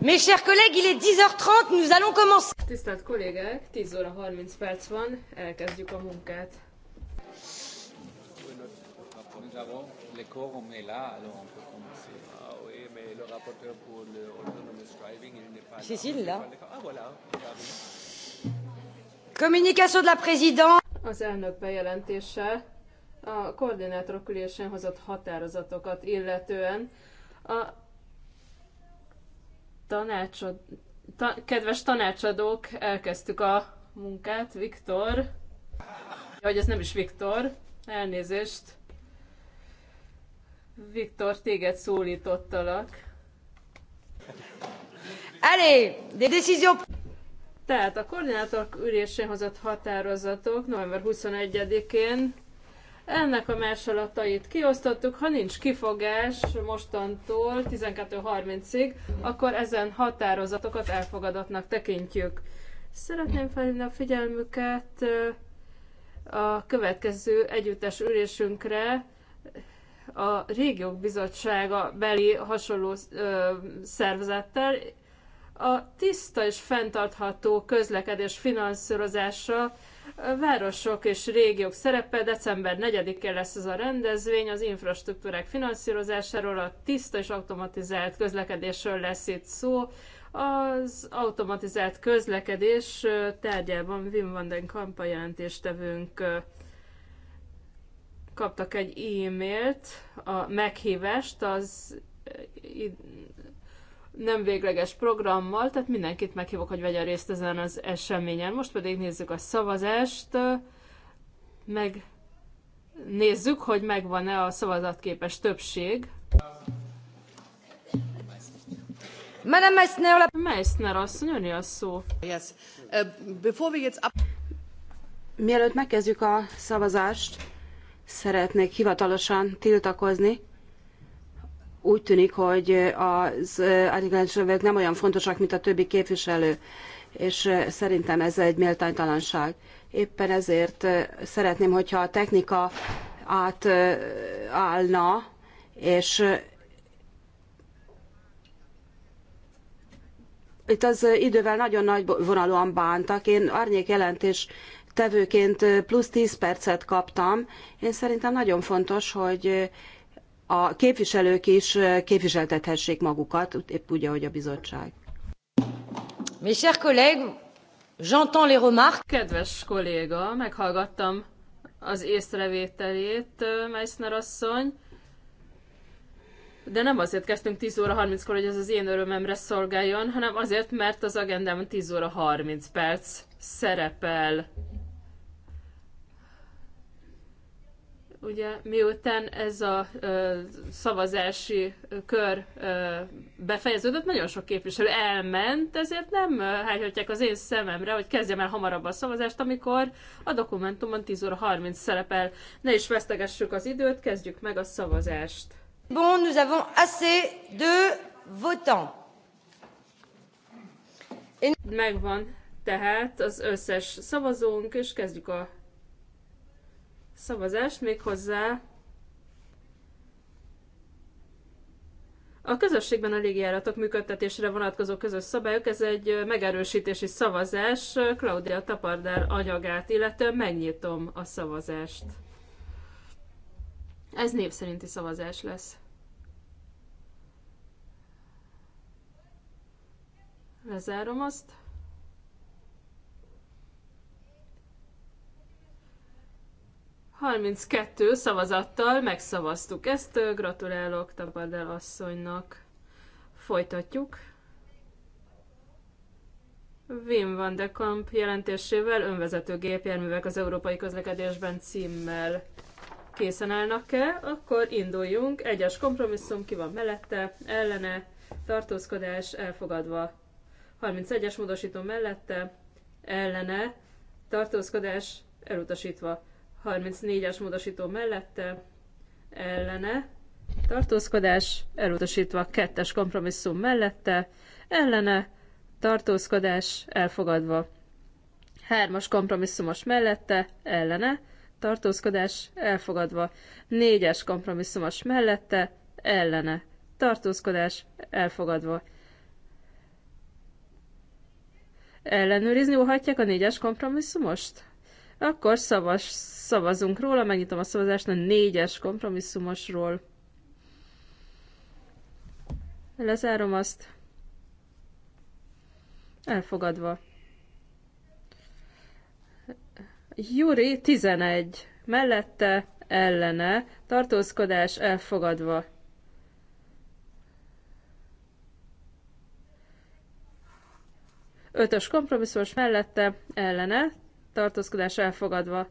Mes chers collègues, il est 10h30, nous allons commencer. Tisztelt kollégák, 10 óra 30 perc van, elkezdjük a munkát. Cécile, là. Ah, Communication de la présidente. Az elnök bejelentése a koordinátorok ülésén hozott határozatokat illetően a tanácsod, ta, kedves tanácsadók, elkezdtük a munkát, Viktor. Ja, hogy ez nem is Viktor, elnézést. Viktor, téged szólítottalak. Elé, de decízió... Tehát a koordinátor ülésén hozott határozatok november 21-én ennek a másolatait kiosztottuk, ha nincs kifogás mostantól 12.30-ig, akkor ezen határozatokat elfogadatnak tekintjük. Szeretném felhívni a figyelmüket a következő együttes ülésünkre, a Régiók Bizottsága beli hasonló ö, szervezettel, a tiszta és fenntartható közlekedés finanszírozása városok és régiók szerepe. December 4-én lesz ez a rendezvény, az infrastruktúrák finanszírozásáról, a tiszta és automatizált közlekedésről lesz itt szó. Az automatizált közlekedés tárgyában Wim van den Kampa jelentéstevőnk kaptak egy e-mailt, a meghívást az nem végleges programmal, tehát mindenkit meghívok, hogy vegyen részt ezen az eseményen. Most pedig nézzük a szavazást, meg nézzük, hogy megvan-e a szavazatképes többség. Madame Meissner, Meissner asszony, ön a szó. Yes. Uh, before we get up... Mielőtt megkezdjük a szavazást, szeretnék hivatalosan tiltakozni úgy tűnik, hogy az átiglenes nem olyan fontosak, mint a többi képviselő, és szerintem ez egy méltánytalanság. Éppen ezért szeretném, hogyha a technika átállna, és itt az idővel nagyon nagy vonalúan bántak. Én árnyék jelentés tevőként plusz 10 percet kaptam. Én szerintem nagyon fontos, hogy a képviselők is képviseltethessék magukat, épp úgy, ahogy a bizottság. Mes chers collègues, j'entends les remarques. Kedves kolléga, meghallgattam az észrevételét, Meissner asszony. De nem azért kezdtünk 10 óra 30-kor, hogy ez az én örömemre szolgáljon, hanem azért, mert az agendában 10 óra 30 perc szerepel Ugye miután ez a ö, szavazási kör ö, befejeződött, nagyon sok képviselő elment, ezért nem hányhatják az én szememre, hogy kezdjem el hamarabb a szavazást, amikor a dokumentumon 10 óra 30 szerepel. Ne is vesztegessük az időt, kezdjük meg a szavazást. Bon, nous avons assez de votants. Megvan tehát az összes szavazónk, és kezdjük a szavazást, méghozzá A közösségben a légijáratok működtetésére vonatkozó közös szabályok, ez egy megerősítési szavazás Claudia Tapardár anyagát, illetően megnyitom a szavazást. Ez név szerinti szavazás lesz. Lezárom azt. 32 szavazattal megszavaztuk ezt. Gratulálok Tabardel asszonynak. Folytatjuk. Wim van de Kamp jelentésével önvezető gépjárművek az európai közlekedésben címmel készen állnak-e, akkor induljunk. Egyes kompromisszum, ki van mellette, ellene, tartózkodás elfogadva. 31-es módosító mellette, ellene, tartózkodás elutasítva. 34-es módosító mellette ellene, tartózkodás elutasítva, kettes kompromisszum mellette ellene, tartózkodás elfogadva. Hármas kompromisszumos mellette ellene, tartózkodás elfogadva. Négyes kompromisszumos mellette ellene, tartózkodás elfogadva. Ellenőrizni óhatják a négyes kompromisszumost? Akkor szavas, szavazunk róla, megnyitom a szavazást a négyes kompromisszumosról. Lezárom azt. Elfogadva. Juri 11. Mellette ellene. Tartózkodás elfogadva. Ötös kompromisszumos mellette ellene tartózkodás elfogadva.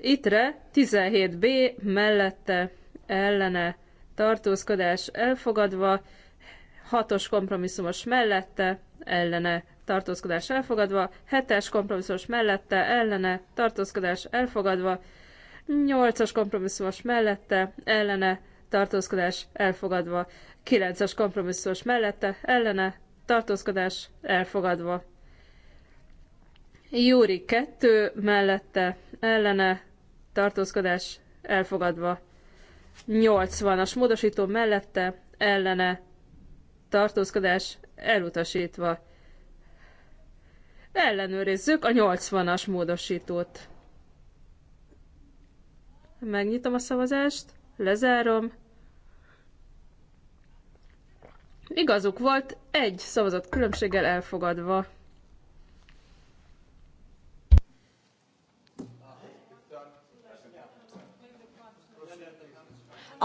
Itre 17b mellette ellene tartózkodás elfogadva, hatos kompromisszumos mellette ellene tartózkodás elfogadva, hetes kompromisszumos mellette ellene tartózkodás elfogadva, nyolcas kompromisszumos mellette ellene tartózkodás elfogadva, kilences kompromisszumos mellette ellene tartózkodás elfogadva. Júri 2 mellette ellene tartózkodás elfogadva. 80-as módosító mellette ellene tartózkodás elutasítva. Ellenőrizzük a 80-as módosítót. Megnyitom a szavazást, lezárom. Igazuk volt, egy szavazat különbséggel elfogadva.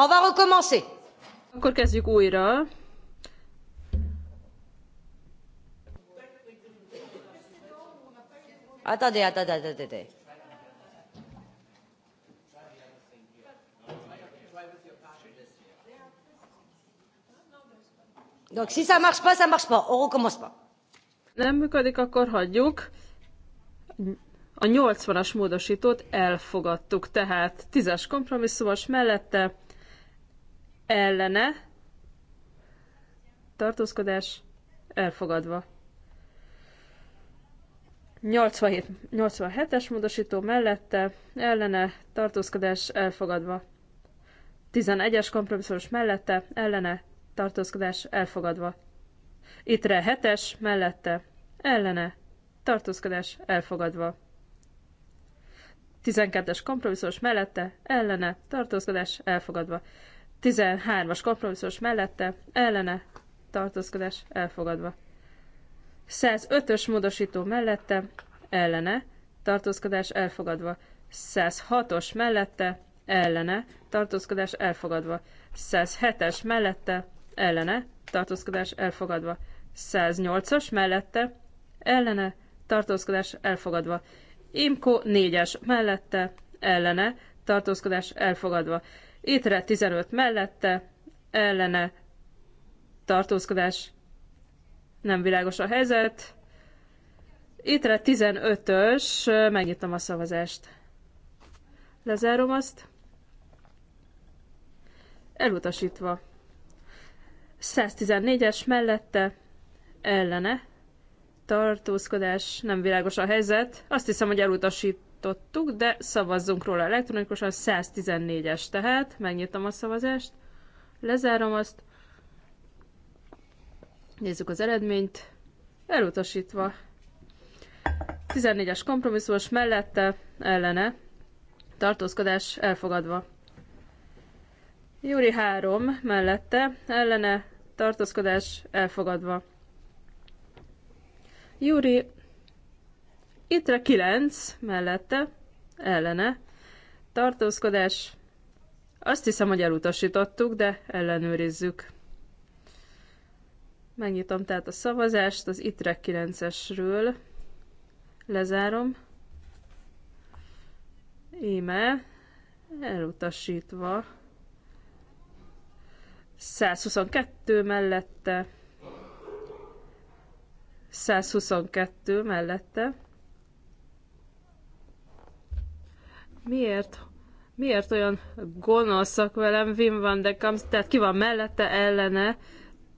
On va recommencer. Akkor kezdjük újra. Attendez, attendez, attendez. Donc si ça marche pas, ça marche pas. On recommence pas. Nem működik, akkor hagyjuk. A 80-as módosítót elfogadtuk, tehát 10-es kompromisszumos mellette ellene, tartózkodás elfogadva. 87, 87-es módosító mellette, ellene, tartózkodás elfogadva. 11-es kompromisszós mellette, ellene, tartózkodás elfogadva. Itre 7-es mellette, ellene, tartózkodás elfogadva. 12-es kompromisszós mellette, ellene, tartózkodás elfogadva. 13-as kompromisszós mellette ellene tartózkodás elfogadva. 105-ös módosító mellette ellene tartózkodás elfogadva. 106-os mellette ellene tartózkodás elfogadva. 107-es mellette ellene tartózkodás elfogadva. 108-as mellette ellene tartózkodás elfogadva. Imko 4-es mellette ellene tartózkodás elfogadva. Étre 15 mellette, ellene tartózkodás, nem világos a helyzet. Étre 15-ös, megnyitom a szavazást. Lezárom azt. Elutasítva. 114-es mellette, ellene, tartózkodás, nem világos a helyzet. Azt hiszem, hogy elutasít elutasítottuk, de szavazzunk róla elektronikusan, 114-es tehát, megnyitom a szavazást, lezárom azt, nézzük az eredményt, elutasítva. 14-es kompromisszumos mellette, ellene, tartózkodás elfogadva. Júri 3 mellette, ellene, tartózkodás elfogadva. Júri Ittre 9 mellette, ellene, tartózkodás. Azt hiszem, hogy elutasítottuk, de ellenőrizzük. Megnyitom tehát a szavazást az ITRE 9-esről. Lezárom. Íme. Elutasítva. 122 mellette. 122 mellette Miért? Miért olyan gonoszak velem Wim van de Kamp, tehát ki van mellette, ellene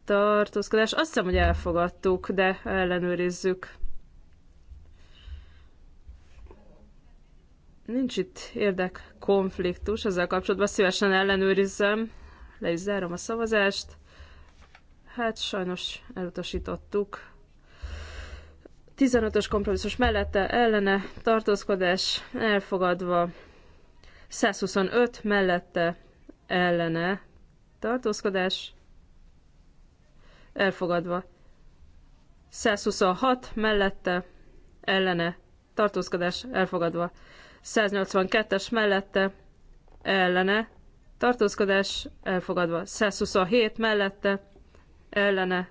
tartózkodás? Azt hiszem, hogy elfogadtuk, de ellenőrizzük. Nincs itt érdek konfliktus ezzel kapcsolatban, szívesen ellenőrizzem. Le is zárom a szavazást. Hát sajnos elutasítottuk. 15-ös kompromisszus mellette ellene tartózkodás elfogadva. 125 mellette ellene tartózkodás elfogadva. 126 mellette ellene tartózkodás elfogadva. 182-es mellette ellene tartózkodás elfogadva. 127 mellette ellene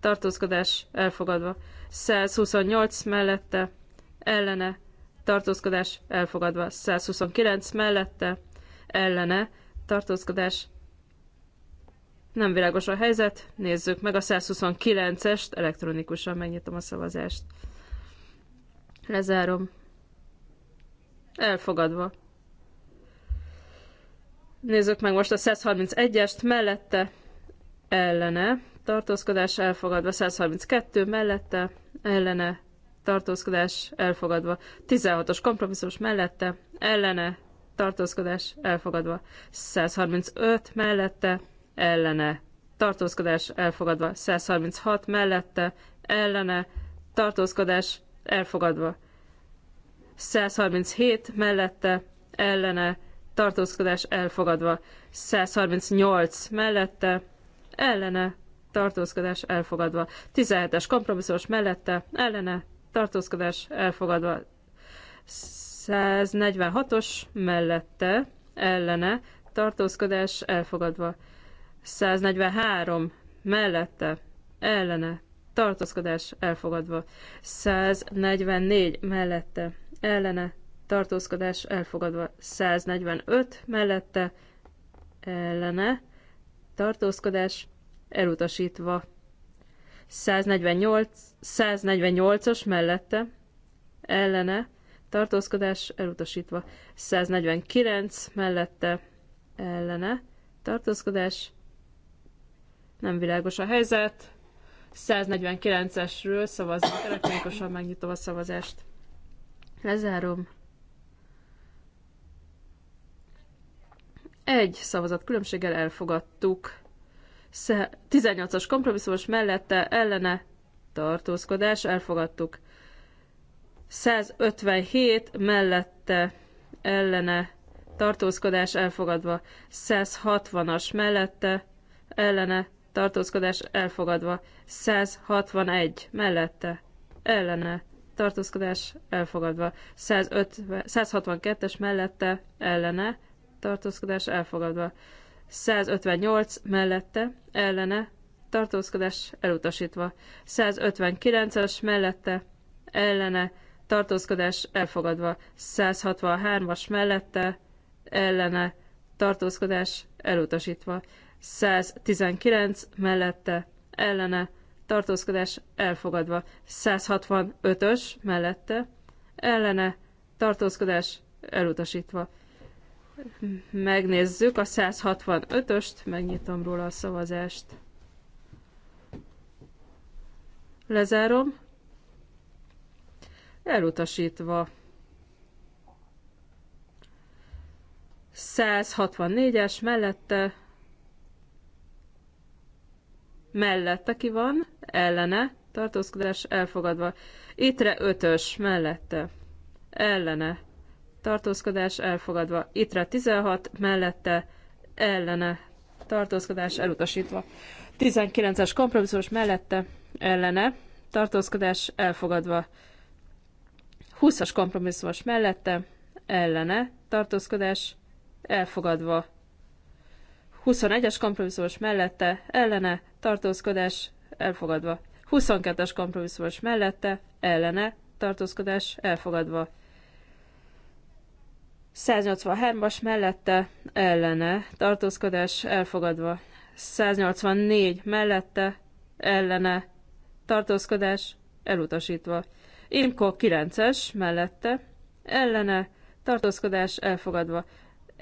tartózkodás elfogadva. 128 mellette ellene tartózkodás elfogadva, 129 mellette ellene tartózkodás nem világos a helyzet, nézzük meg a 129-est, elektronikusan megnyitom a szavazást. Lezárom. Elfogadva. Nézzük meg most a 131-est, mellette ellene tartózkodás elfogadva, 132 mellette, ellene tartózkodás elfogadva, 16-os kompromisszumos mellette, ellene tartózkodás elfogadva, 135 mellette, ellene tartózkodás elfogadva, 136 mellette, ellene tartózkodás elfogadva, 137 mellette, ellene tartózkodás elfogadva, 138 mellette, ellene tartózkodás elfogadva. 17-es kompromisszós mellette, ellene, tartózkodás elfogadva. 146-os mellette, ellene, tartózkodás elfogadva. 143 mellette, ellene, tartózkodás elfogadva. 144 mellette, ellene, tartózkodás elfogadva. 145 mellette, ellene, tartózkodás elutasítva. 148, 148-as mellette, ellene, tartózkodás elutasítva. 149 mellette, ellene, tartózkodás, nem világos a helyzet. 149-esről szavazunk elektronikusan, megnyitom a szavazást. Lezárom. Egy szavazat különbséggel elfogadtuk. 18-as kompromisszumos mellette ellene tartózkodás, elfogadtuk. 157 mellette ellene tartózkodás elfogadva, 160-as mellette ellene tartózkodás elfogadva, 161 mellette ellene tartózkodás elfogadva, 150, 162-es mellette ellene tartózkodás elfogadva, 158 mellette, ellene, tartózkodás elutasítva. 159-es mellette, ellene, tartózkodás elfogadva. 163-as mellette, ellene, tartózkodás elutasítva. 119 mellette, ellene, tartózkodás elfogadva. 165-ös mellette, ellene, tartózkodás elutasítva. Megnézzük a 165-öst, megnyitom róla a szavazást. Lezárom. Elutasítva. 164-es mellette mellette ki van, ellene, tartózkodás elfogadva. 5ös mellette, ellene, tartózkodás elfogadva. Itre 16 mellette ellene tartózkodás elutasítva. 19-es kompromisszós mellette ellene tartózkodás elfogadva. 20-as kompromisszumos mellette ellene tartózkodás elfogadva. 21-es kompromisszumos mellette ellene tartózkodás elfogadva. 22-es kompromisszumos mellette ellene tartózkodás elfogadva. 183-as mellette ellene tartózkodás elfogadva. 184 mellette ellene tartózkodás elutasítva. Imko 9-es mellette ellene tartózkodás elfogadva.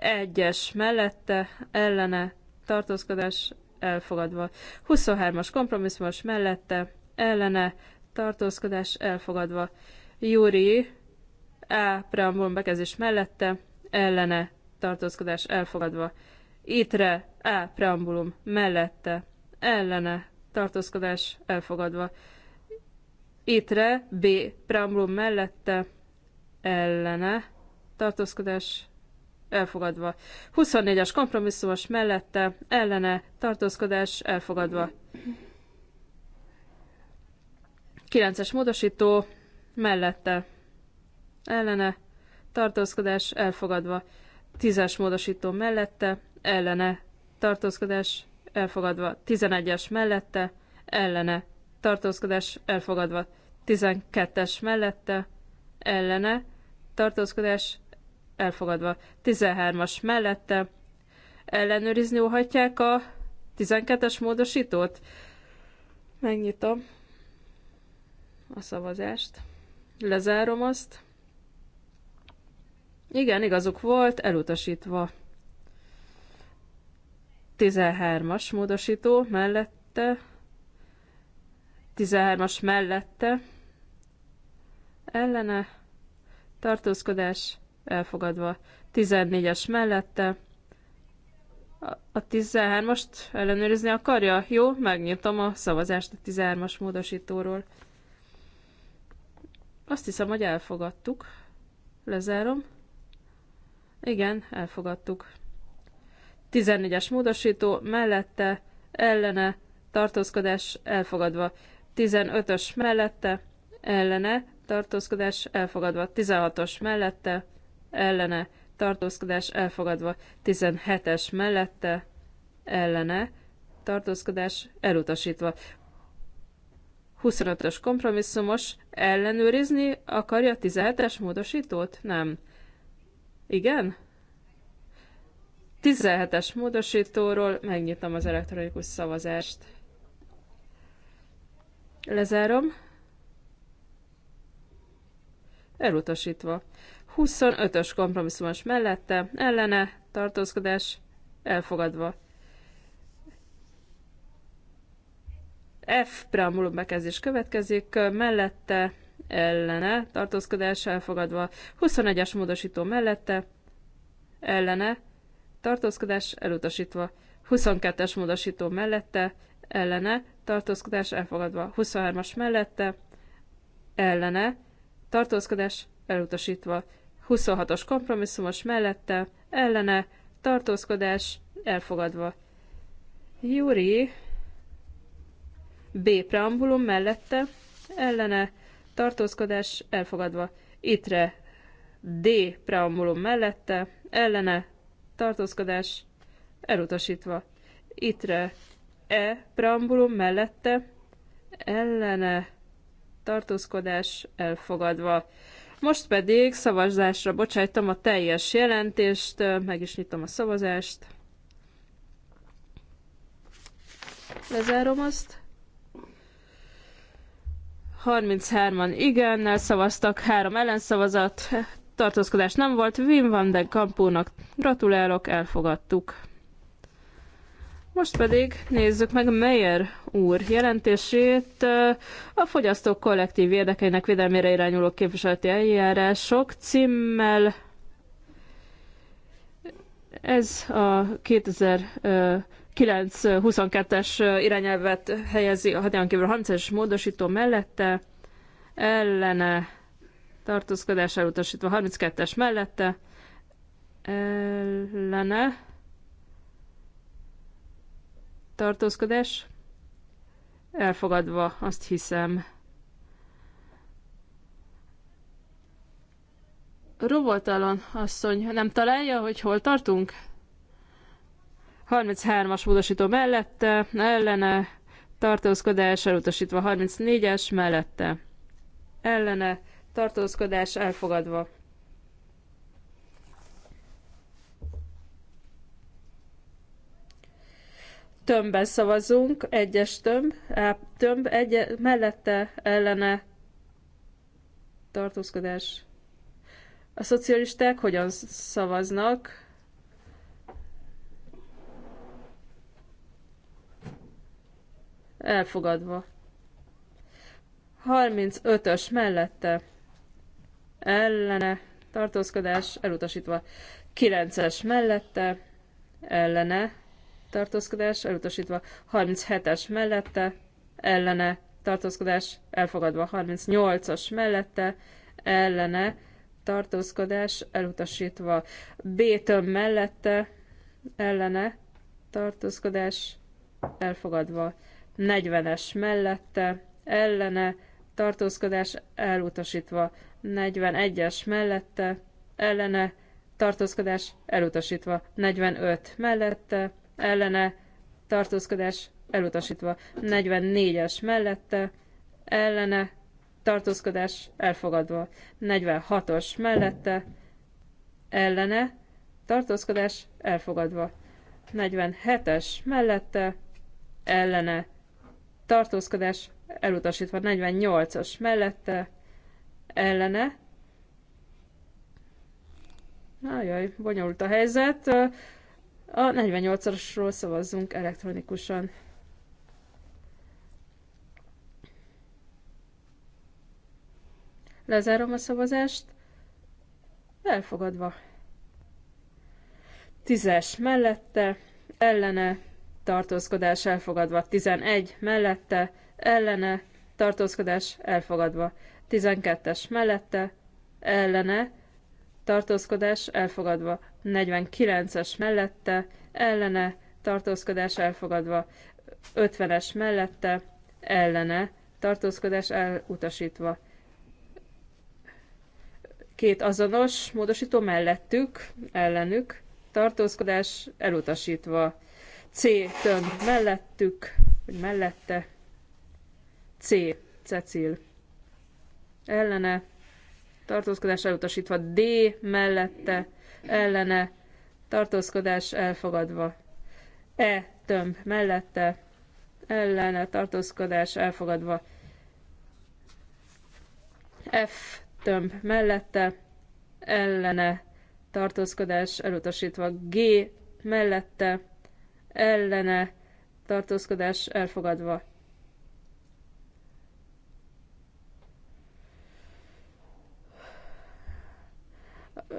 1-es mellette ellene tartózkodás elfogadva. 23-as kompromisszumos mellette ellene tartózkodás elfogadva. Júri a preambulum bekezdés mellette, ellene tartózkodás elfogadva. Itre A preambulum mellette, ellene tartózkodás elfogadva. Itre B preambulum mellette, ellene tartózkodás elfogadva. 24-es kompromisszumos mellette, ellene tartózkodás elfogadva. 9-es módosító mellette, ellene, tartózkodás elfogadva. Tízes módosító mellette, ellene, tartózkodás elfogadva. Tizenegyes mellette, ellene, tartózkodás elfogadva. Tizenkettes mellette, ellene, tartózkodás elfogadva. tizenhármas mellette ellenőrizni óhatják a 12-es módosítót. Megnyitom a szavazást. Lezárom azt. Igen, igazuk volt, elutasítva. 13-as módosító mellette, 13-as mellette, ellene, tartózkodás elfogadva, 14-es mellette, a 13-ast ellenőrizni akarja? Jó, megnyitom a szavazást a 13-as módosítóról. Azt hiszem, hogy elfogadtuk. Lezárom. Igen, elfogadtuk. 14-es módosító mellette, ellene, tartózkodás elfogadva. 15-ös mellette, ellene, tartózkodás elfogadva. 16-os mellette, ellene, tartózkodás elfogadva. 17-es mellette, ellene, tartózkodás elutasítva. 25-ös kompromisszumos, ellenőrizni akarja 17-es módosítót? Nem. Igen? 17-es módosítóról megnyitom az elektronikus szavazást. Lezárom. Elutasítva. 25-ös kompromisszumos mellette, ellene, tartózkodás, elfogadva. F preambulum bekezdés következik, mellette, ellene, tartózkodás elfogadva. 21-es módosító mellette, ellene, tartózkodás elutasítva. 22-es módosító mellette, ellene, tartózkodás elfogadva. 23-as mellette, ellene, tartózkodás elutasítva. 26-os kompromisszumos mellette, ellene, tartózkodás elfogadva. Júri B preambulum mellette, ellene, tartózkodás elfogadva. Itre D preambulum mellette, ellene tartózkodás elutasítva. Itre E preambulum mellette, ellene tartózkodás elfogadva. Most pedig szavazásra bocsájtom a teljes jelentést, meg is nyitom a szavazást. Lezárom azt. 33-an igennel szavaztak, három ellenszavazat, tartózkodás nem volt, Wim van de Kampónak gratulálok, elfogadtuk. Most pedig nézzük meg Meyer úr jelentését. A fogyasztók kollektív érdekeinek védelmére irányuló képviseleti eljárások címmel. Ez a 2000 922-es irányelvet helyezi a hatályon kívül 30-es módosító mellette, ellene tartózkodás elutasítva 32-es mellette, ellene tartózkodás elfogadva, azt hiszem. Robotalon asszony nem találja, hogy hol tartunk? 33-as módosító mellette, ellene, tartózkodás elutasítva 34-es mellette, ellene, tartózkodás elfogadva. Tömbben szavazunk, egyes tömb, á, tömb, egy, mellette, ellene, tartózkodás. A szocialisták hogyan szavaznak? elfogadva. 35-ös mellette ellene tartózkodás elutasítva. 9-es mellette ellene tartózkodás elutasítva. 37-es mellette ellene tartózkodás elfogadva. 38-as mellette ellene tartózkodás elutasítva. b mellette ellene tartózkodás elfogadva. 40-es mellette, ellene, tartózkodás elutasítva, 41-es mellette, ellene, tartózkodás elutasítva, 45 mellette, ellene, tartózkodás elutasítva, 44-es mellette, ellene, tartózkodás elfogadva, 46-os mellette, ellene, tartózkodás elfogadva, 47-es mellette, ellene, tartózkodás elutasítva 48-as mellette ellene. Ajaj, bonyolult a helyzet. A 48-asról szavazzunk elektronikusan. Lezárom a szavazást. Elfogadva. Tízes mellette, ellene tartózkodás elfogadva, 11 mellette, ellene, tartózkodás elfogadva, 12-es mellette, ellene, tartózkodás elfogadva, 49-es mellette, ellene, tartózkodás elfogadva, 50-es mellette, ellene, tartózkodás elutasítva. Két azonos módosító mellettük, ellenük, tartózkodás elutasítva. C tön mellettük, vagy mellette. C. Cecil. Ellene. Tartózkodás elutasítva. D mellette. Ellene. Tartózkodás elfogadva. E tömb mellette. Ellene. Tartózkodás elfogadva. F tömb mellette. Ellene. Tartózkodás elutasítva. G mellette ellene tartózkodás elfogadva.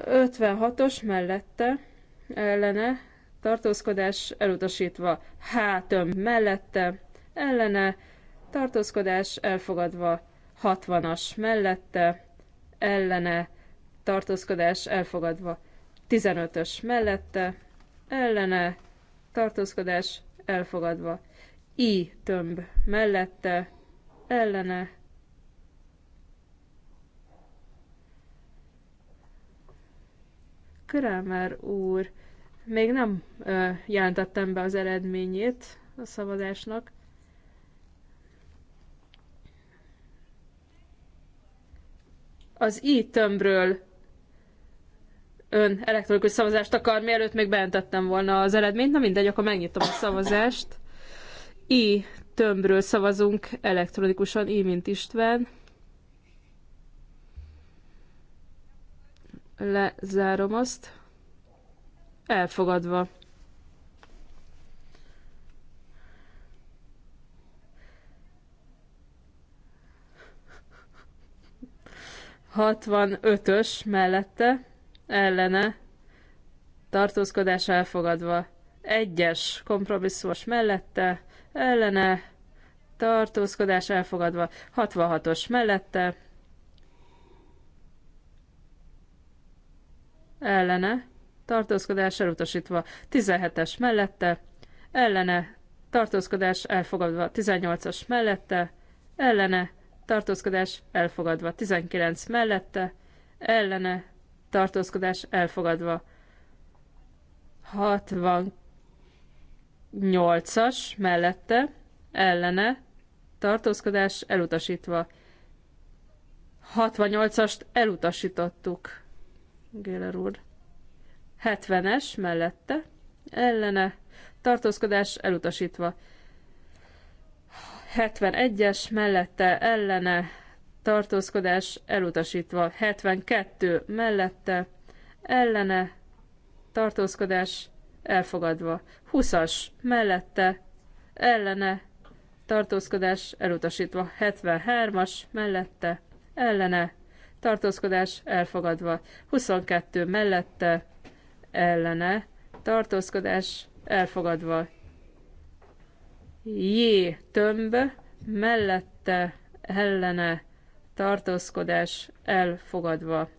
Ötvenhatos mellette ellene tartózkodás elutasítva. Hátöm mellette ellene tartózkodás elfogadva. 60-as mellette ellene tartózkodás elfogadva. 15 mellette ellene tartózkodás elfogadva. I tömb mellette, ellene, Kramer úr, még nem ö, jelentettem be az eredményét a szavazásnak. Az i tömbről ön elektronikus szavazást akar, mielőtt még beentettem volna az eredményt. Na mindegy, akkor megnyitom a szavazást. I tömbről szavazunk elektronikusan, I mint István. Lezárom azt. Elfogadva. Hatvan ötös mellette ellene tartózkodás elfogadva. Egyes kompromisszumos mellette ellene tartózkodás elfogadva. 66-os mellette ellene tartózkodás elutasítva. 17-es mellette ellene tartózkodás elfogadva. 18-as mellette ellene tartózkodás elfogadva. 19 mellette ellene tartózkodás elfogadva. 68-as mellette, ellene, tartózkodás elutasítva. 68-ast elutasítottuk, Géler úr. 70-es mellette, ellene, tartózkodás elutasítva. 71-es mellette, ellene, tartózkodás elutasítva. 72 mellette, ellene, tartózkodás elfogadva. 20-as mellette, ellene, tartózkodás elutasítva. 73-as mellette, ellene, tartózkodás elfogadva. 22 mellette, ellene, tartózkodás elfogadva. J tömb mellette, ellene, tartózkodás elfogadva.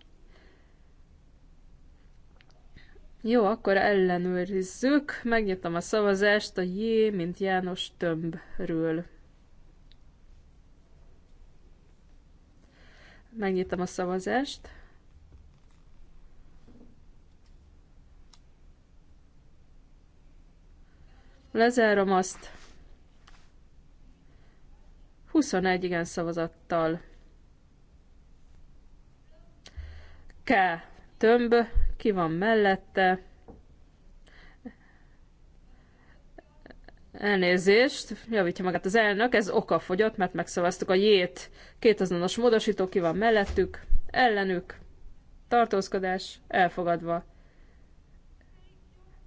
Jó, akkor ellenőrizzük. Megnyitom a szavazást a J, mint János tömbről. Megnyitom a szavazást. Lezárom azt. 21 igen szavazattal K tömb, ki van mellette. Elnézést, javítja magát az elnök, ez fogyott, mert megszavaztuk a jét. Két azonos módosító, ki van mellettük, ellenük, tartózkodás, elfogadva.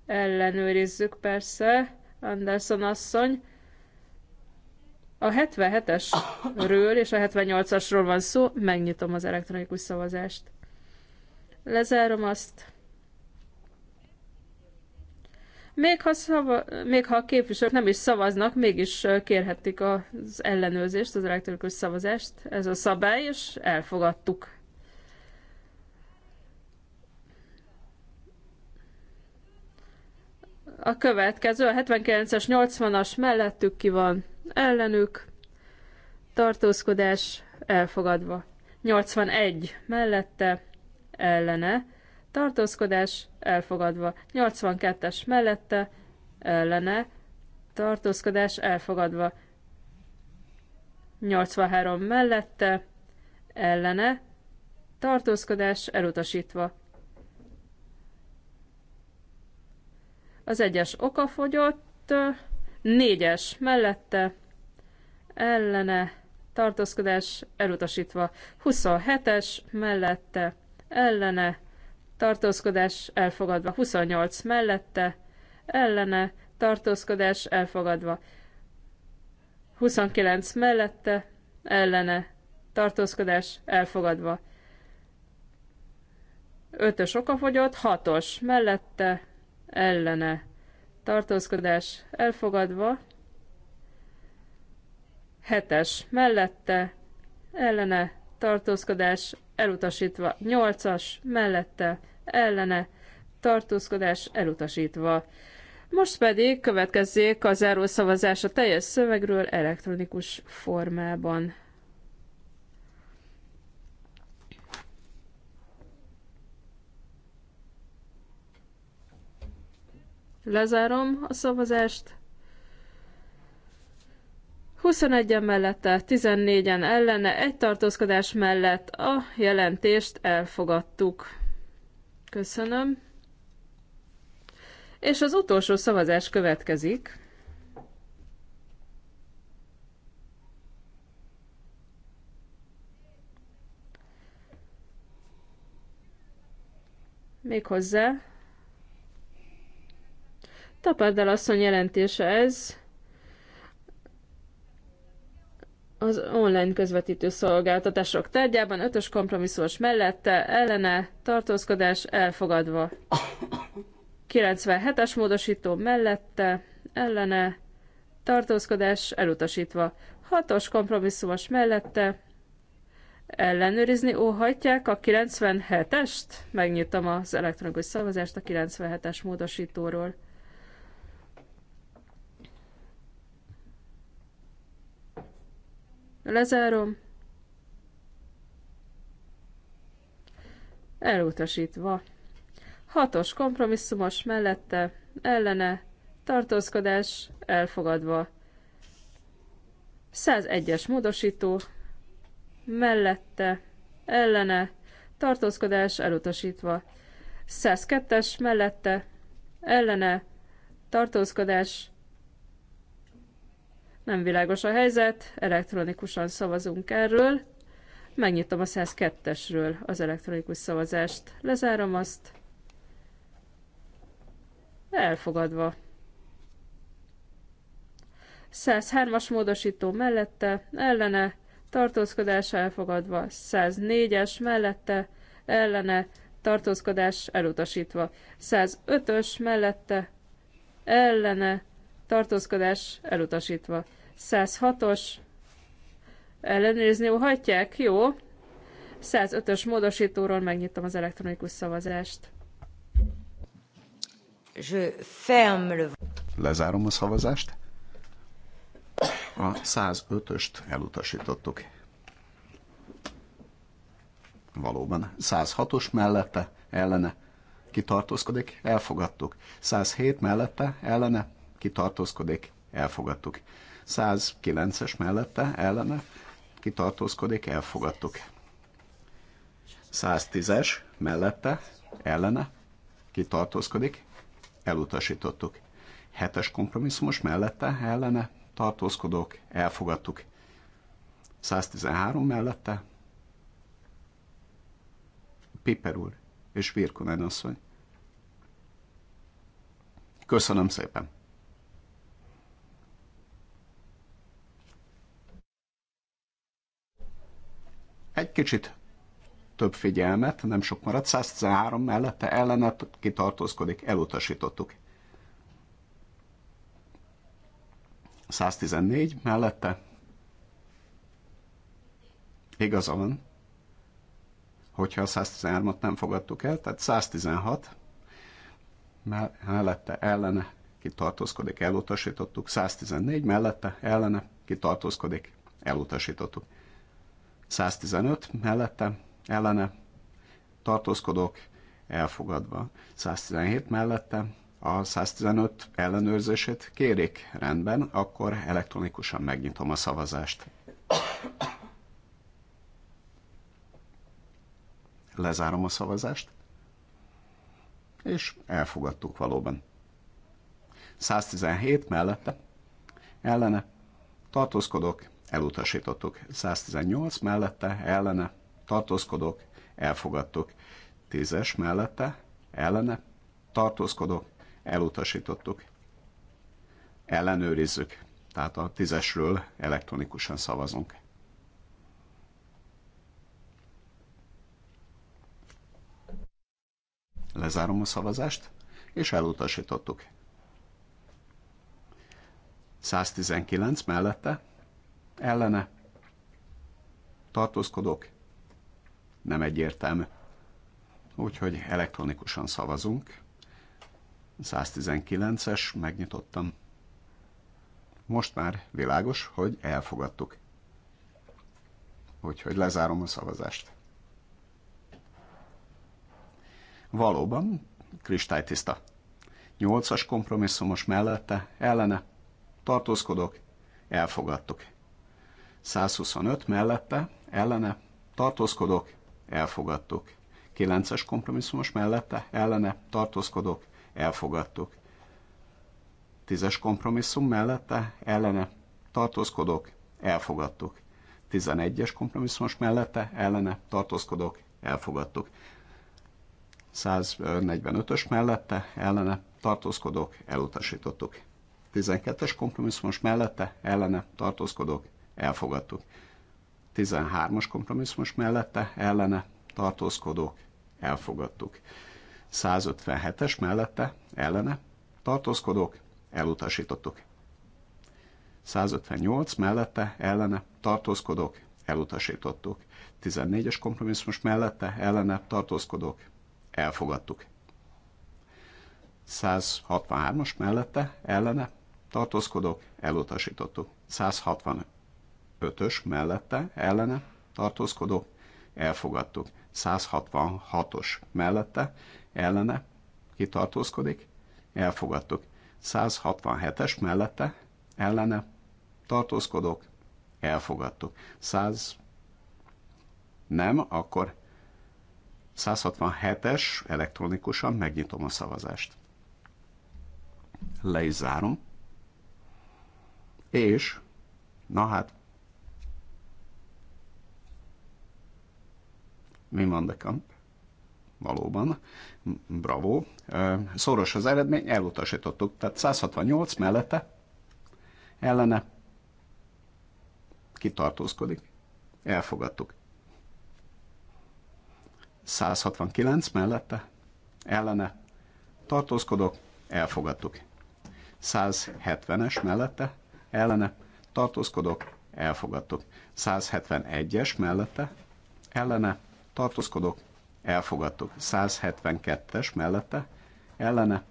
Ellenőrizzük persze, Anderson asszony. A 77-esről és a 78-asról van szó, megnyitom az elektronikus szavazást. Lezárom azt. Még ha, szava, még ha a képviselők nem is szavaznak, mégis kérhetik az ellenőrzést, az elektronikus szavazást. Ez a szabály, és elfogadtuk. A következő, a 79-es, 80-as mellettük ki van ellenük. Tartózkodás elfogadva. 81 mellette ellene, tartózkodás elfogadva. 82-es mellette, ellene, tartózkodás elfogadva. 83 mellette, ellene, tartózkodás elutasítva. Az egyes okafogyott, négyes mellette, ellene, tartózkodás elutasítva. 27-es mellette, ellene, tartózkodás elfogadva. 28 mellette, ellene, tartózkodás elfogadva. 29 mellette, ellene, tartózkodás elfogadva. 5-ös okafogyott, 6-os mellette, ellene, tartózkodás elfogadva. 7-es mellette, ellene, tartózkodás elutasítva, 8-as mellette, ellene, tartózkodás elutasítva. Most pedig következzék a zárószavazás a teljes szövegről elektronikus formában. Lezárom a szavazást. 21-en mellette, 14-en ellene, egy tartózkodás mellett a jelentést elfogadtuk. Köszönöm. És az utolsó szavazás következik. Méghozzá. Tapárdal asszony jelentése ez. az online közvetítő szolgáltatások tárgyában, ötös kompromisszós mellette, ellene, tartózkodás elfogadva. 97-es módosító mellette, ellene, tartózkodás elutasítva. 6-os kompromisszumos mellette, ellenőrizni óhatják a 97-est. Megnyitom az elektronikus szavazást a 97-es módosítóról. Lezárom. Elutasítva. Hatos kompromisszumos mellette, ellene, tartózkodás, elfogadva. 101-es módosító, mellette, ellene, tartózkodás, elutasítva. 102-es mellette, ellene, tartózkodás, nem világos a helyzet, elektronikusan szavazunk erről. Megnyitom a 102-esről az elektronikus szavazást. Lezárom azt. Elfogadva. 103-as módosító mellette, ellene, tartózkodás elfogadva, 104-es mellette, ellene, tartózkodás elutasítva, 105-ös mellette, ellene, tartózkodás elutasítva, 106-os ellenőrizni hagyják, Jó. 105-ös módosítóról megnyitom az elektronikus szavazást. Je ferme le... Lezárom a szavazást. A 105-öst elutasítottuk. Valóban 106-os mellette, ellene kitartózkodik, elfogadtuk. 107 mellette, ellene kitartózkodik, elfogadtuk. 109-es mellette ellene kitartózkodik, elfogadtuk. 110-es mellette ellene kitartózkodik, elutasítottuk. 7-es kompromisszumos mellette ellene tartózkodók, elfogadtuk. 113 mellette Piper úr és Virkunen asszony. Köszönöm szépen! egy kicsit több figyelmet, nem sok maradt, 113 mellette ellene kitartózkodik, elutasítottuk. 114 mellette igaza van, hogyha a 113-at nem fogadtuk el, tehát 116 mellette ellene kitartózkodik, elutasítottuk, 114 mellette ellene kitartózkodik, elutasítottuk. 115 mellette, ellene, tartózkodok, elfogadva. 117 mellette a 115 ellenőrzését kérik rendben, akkor elektronikusan megnyitom a szavazást. Lezárom a szavazást, és elfogadtuk valóban. 117 mellette, ellene, tartózkodok, elutasítottuk. 118 mellette, ellene, tartózkodok, elfogadtuk. 10-es mellette, ellene, tartózkodok, elutasítottuk. Ellenőrizzük, tehát a 10-esről elektronikusan szavazunk. Lezárom a szavazást, és elutasítottuk. 119 mellette, ellene tartózkodok, nem egyértelmű. Úgyhogy elektronikusan szavazunk. 119-es, megnyitottam. Most már világos, hogy elfogadtuk. Úgyhogy lezárom a szavazást. Valóban kristálytiszta. 8-as kompromisszumos mellette, ellene, tartózkodok, elfogadtuk. 125 mellette, ellene, tartózkodok, elfogadtuk. 9-es kompromisszumos mellette, ellene, tartózkodok, elfogadtuk. 10-es kompromisszum mellette, ellene, tartózkodok, elfogadtuk. 11-es kompromisszumos mellette, ellene, tartózkodok, elfogadtuk. 145-ös mellette, ellene, tartózkodok, elutasítottuk. 12-es kompromisszumos mellette, ellene, tartózkodok, elfogadtuk. 13-as kompromisszumos mellette ellene tartózkodók elfogadtuk. 157-es mellette ellene tartózkodók elutasítottuk. 158 mellette ellene tartózkodók elutasítottuk. 14-es kompromisszumos mellette ellene tartózkodók elfogadtuk. 163-as mellette ellene tartózkodók elutasítottuk. 165 ötös mellette, ellene tartózkodó, elfogadtuk. 166-os mellette, ellene kitartózkodik, elfogadtuk. 167-es mellette, ellene tartózkodók elfogadtuk. 100 nem, akkor 167-es elektronikusan megnyitom a szavazást. Le is zárom. És, na hát, Wim van de Kamp. Valóban. Bravo. Szoros az eredmény, elutasítottuk. Tehát 168 mellette ellene kitartózkodik. Elfogadtuk. 169 mellette ellene tartózkodok, elfogadtuk. 170-es mellette ellene tartózkodok, elfogadtuk. 171-es mellette ellene tartózkodók, elfogadtuk. 172-es mellette, ellene,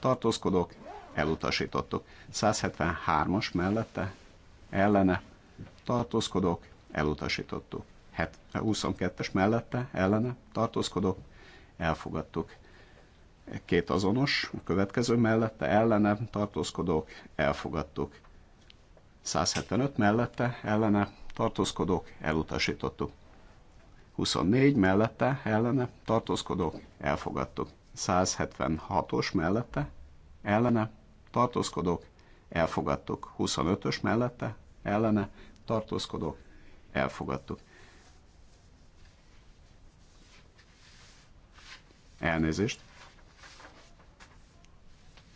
tartózkodók, elutasítottuk. 173-as mellette, ellene, tartózkodók, elutasítottuk. 22-es mellette, ellene, tartózkodók, elfogadtuk. Két azonos, a következő mellette, ellene, tartózkodók, elfogadtuk. 175 mellette, ellene, tartózkodók, elutasítottuk. 24 mellette ellene tartózkodók elfogadtuk. 176-os mellette ellene tartózkodók elfogadtuk. 25-ös mellette ellene tartózkodók elfogadtuk. Elnézést.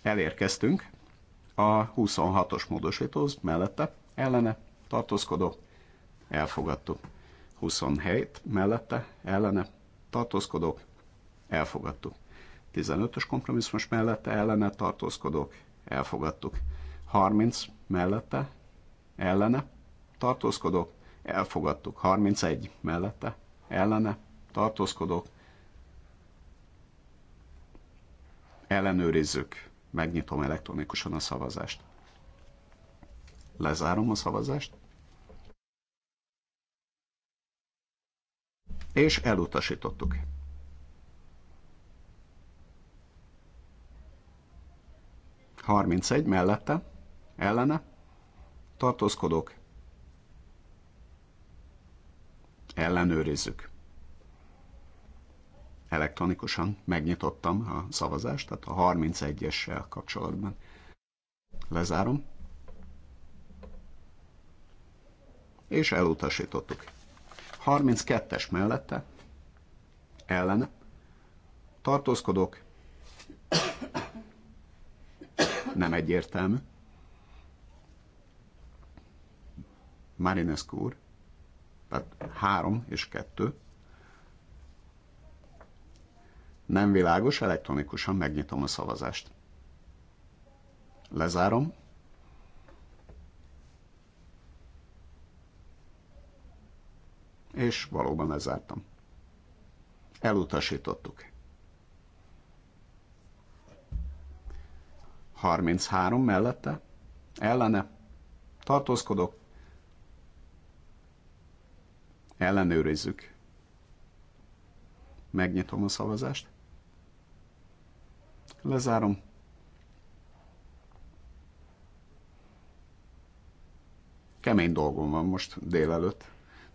Elérkeztünk a 26-os módosítóz mellette ellene tartózkodó elfogadtuk. 27 mellette, ellene, tartózkodók, elfogadtuk. 15-ös kompromisszumos mellette, ellene, tartózkodók, elfogadtuk. 30 mellette, ellene, tartózkodók, elfogadtuk. 31 mellette, ellene, tartózkodók, ellenőrizzük. Megnyitom elektronikusan a szavazást. Lezárom a szavazást. és elutasítottuk. Harmincegy mellette, ellene, tartózkodók, ellenőrizzük. Elektronikusan megnyitottam a szavazást, tehát a 31-essel kapcsolatban. Lezárom. És elutasítottuk. 32-es mellette, ellene, tartózkodok, nem egyértelmű. Marinescu úr, tehát három és kettő. Nem világos, elektronikusan megnyitom a szavazást. Lezárom. és valóban lezártam. Elutasítottuk. 33 mellette, ellene, tartózkodok, ellenőrizzük. Megnyitom a szavazást. Lezárom. Kemény dolgom van most délelőtt.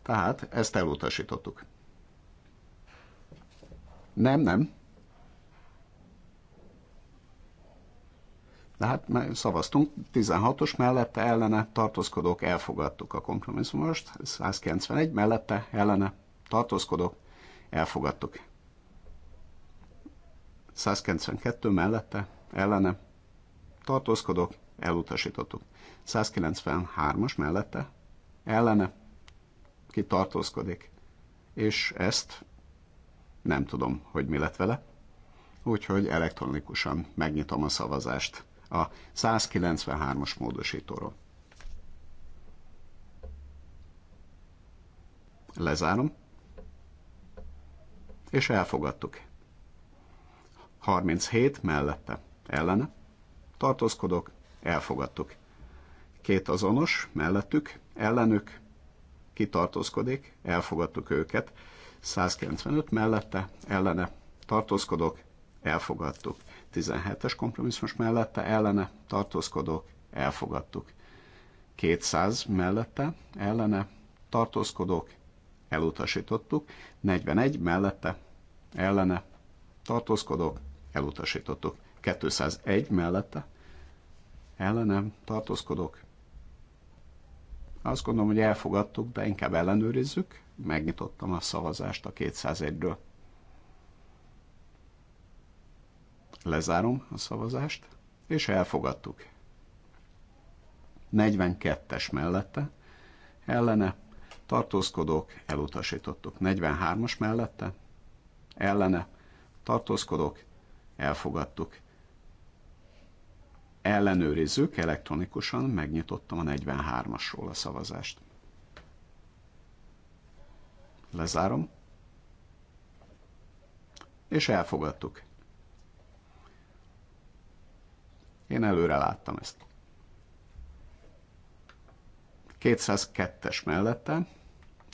Tehát ezt elutasítottuk. Nem, nem. De hát szavaztunk, 16-os mellette ellene tartózkodók elfogadtuk a kompromisszumost, 191 mellette ellene tartózkodók elfogadtuk. 192 mellette ellene tartózkodók elutasítottuk. 193-as mellette ellene aki tartózkodik. És ezt nem tudom, hogy mi lett vele. Úgyhogy elektronikusan megnyitom a szavazást a 193-as módosítóról. Lezárom. És elfogadtuk. 37 mellette. Ellene. Tartózkodok. Elfogadtuk. Két azonos, mellettük, ellenük, kitartózkodik, elfogadtuk őket, 195 mellette, ellene tartózkodok, elfogadtuk. 17-es kompromisszumos mellette, ellene tartózkodok, elfogadtuk. 200 mellette, ellene tartózkodok, elutasítottuk. 41 mellette, ellene tartózkodok, elutasítottuk. 201 mellette, ellenem tartózkodok, azt gondolom, hogy elfogadtuk, de inkább ellenőrizzük. Megnyitottam a szavazást a 201-ről. Lezárom a szavazást, és elfogadtuk. 42-es mellette, ellene, tartózkodók, elutasítottuk. 43-as mellette, ellene, tartózkodók, elfogadtuk ellenőrizzük elektronikusan, megnyitottam a 43-asról a szavazást. Lezárom. És elfogadtuk. Én előre láttam ezt. 202-es mellette,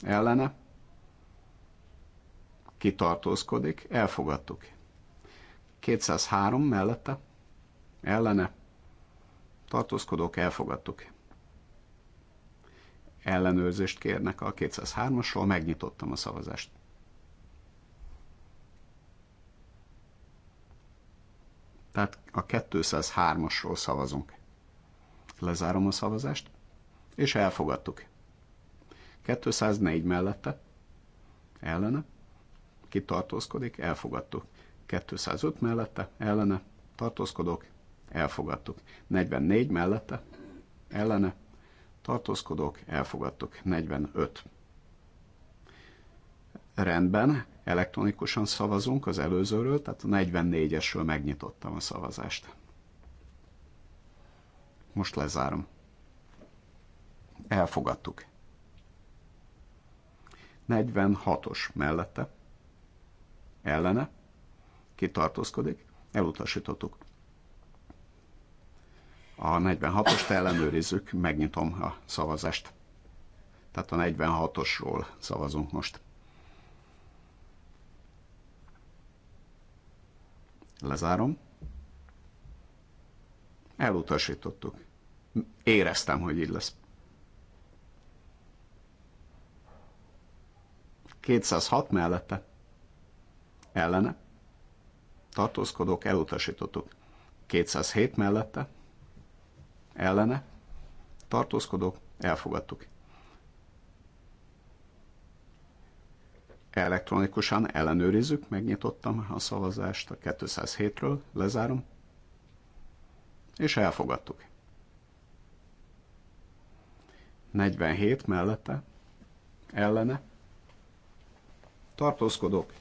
ellene, kitartózkodik, elfogadtuk. 203 mellette, ellene, tartózkodók elfogadtuk. Ellenőrzést kérnek a 203-asról, megnyitottam a szavazást. Tehát a 203-asról szavazunk. Lezárom a szavazást, és elfogadtuk. 204 mellette, ellene, ki tartózkodik, elfogadtuk. 205 mellette, ellene, tartózkodók, elfogadtuk. 44 mellette, ellene, tartózkodók, elfogadtuk. 45. Rendben, elektronikusan szavazunk az előzőről, tehát a 44-esről megnyitottam a szavazást. Most lezárom. Elfogadtuk. 46-os mellette. Ellene. kitartózkodik, Elutasítottuk. A 46-ost ellenőrizzük, megnyitom a szavazást. Tehát a 46-osról szavazunk most. Lezárom. Elutasítottuk. Éreztem, hogy így lesz. 206 mellette. Ellene. Tartózkodók elutasítottuk. 207 mellette ellene, tartózkodok, elfogadtuk. Elektronikusan ellenőrizzük, megnyitottam a szavazást a 207-ről, lezárom, és elfogadtuk. 47 mellette, ellene, tartózkodok.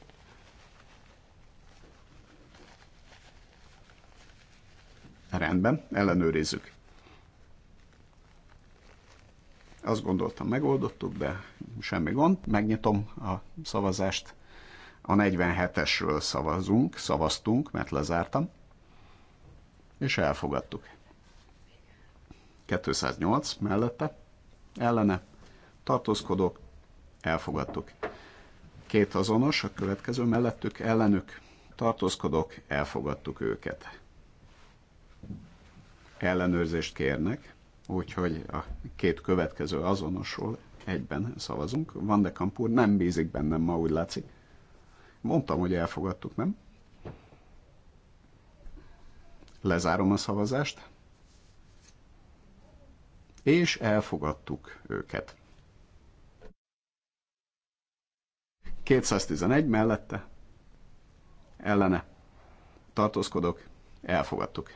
Rendben, ellenőrizzük. Azt gondoltam, megoldottuk, de semmi gond. Megnyitom a szavazást. A 47-esről szavazunk, szavaztunk, mert lezártam, és elfogadtuk. 208 mellette, ellene, tartózkodók, elfogadtuk. Két azonos, a következő mellettük, ellenük, tartózkodók, elfogadtuk őket. Ellenőrzést kérnek úgyhogy a két következő azonosul egyben szavazunk. Van de Kampúr nem bízik bennem ma, úgy látszik. Mondtam, hogy elfogadtuk, nem? Lezárom a szavazást. És elfogadtuk őket. 211 mellette, ellene, tartózkodok, elfogadtuk.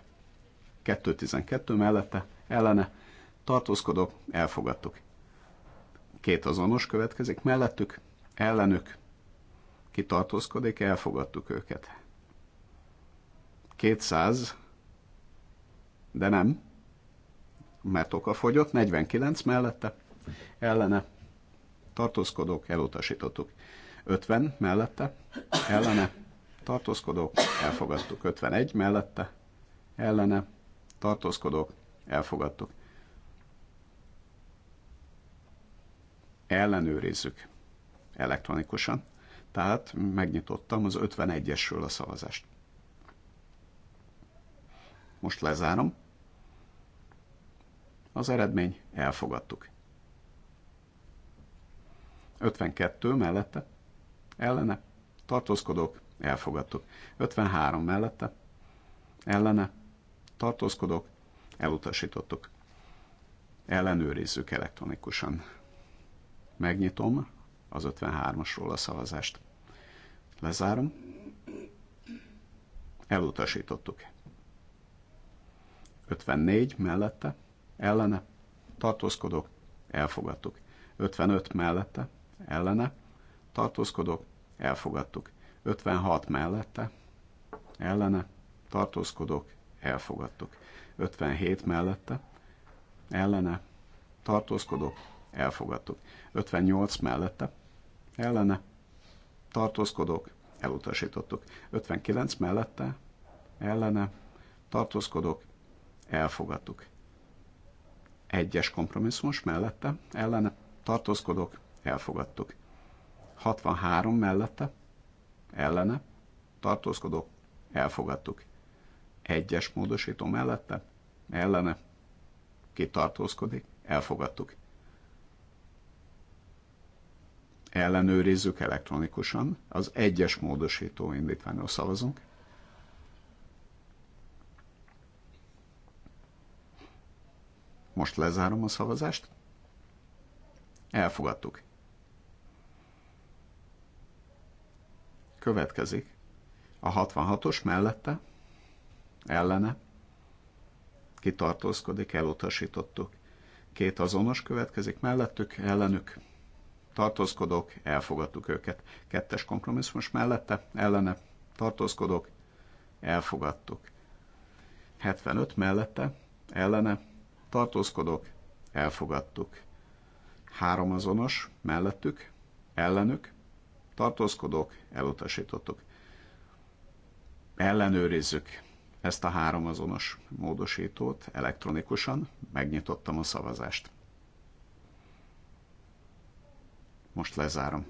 212 mellette, ellene, tartózkodok, elfogadtuk. Két azonos következik mellettük, ellenük, ki tartózkodik, elfogadtuk őket. 200, de nem, mert oka fogyott, 49 mellette, ellene, tartózkodók, elutasítottuk. 50 mellette, ellene, tartózkodók, elfogadtuk. 51 mellette, ellene, tartózkodók, elfogadtuk. ellenőrizzük elektronikusan. Tehát megnyitottam az 51-esről a szavazást. Most lezárom. Az eredmény elfogadtuk. 52 mellette, ellene, tartózkodók, elfogadtuk. 53 mellette, ellene, tartózkodók, elutasítottuk. Ellenőrizzük elektronikusan Megnyitom az 53-asról a szavazást. Lezárom. Elutasítottuk. 54 mellette, ellene, tartózkodok, elfogadtuk. 55 mellette, ellene, tartózkodok, elfogadtuk. 56 mellette, ellene, tartózkodok, elfogadtuk. 57 mellette, ellene, tartózkodok, elfogadtuk. 58 mellette, ellene, tartózkodók, elutasítottuk. 59 mellette, ellene, tartózkodók, elfogadtuk. Egyes kompromisszumos mellette, ellene, tartózkodók, elfogadtuk. 63 mellette, ellene, tartózkodók, elfogadtuk. Egyes módosító mellette, ellene, ki tartózkodik, elfogadtuk. ellenőrizzük elektronikusan. Az egyes módosító indítványról szavazunk. Most lezárom a szavazást. Elfogadtuk. Következik a 66-os mellette, ellene, kitartózkodik, elutasítottuk. Két azonos következik mellettük, ellenük, tartózkodók, elfogadtuk őket. Kettes kompromisszumos mellette, ellene, tartózkodók, elfogadtuk. 75 mellette, ellene, tartózkodók, elfogadtuk. Három azonos, mellettük, ellenük, tartózkodók, elutasítottuk. Ellenőrizzük ezt a három azonos módosítót elektronikusan, megnyitottam a szavazást. Most lezárom.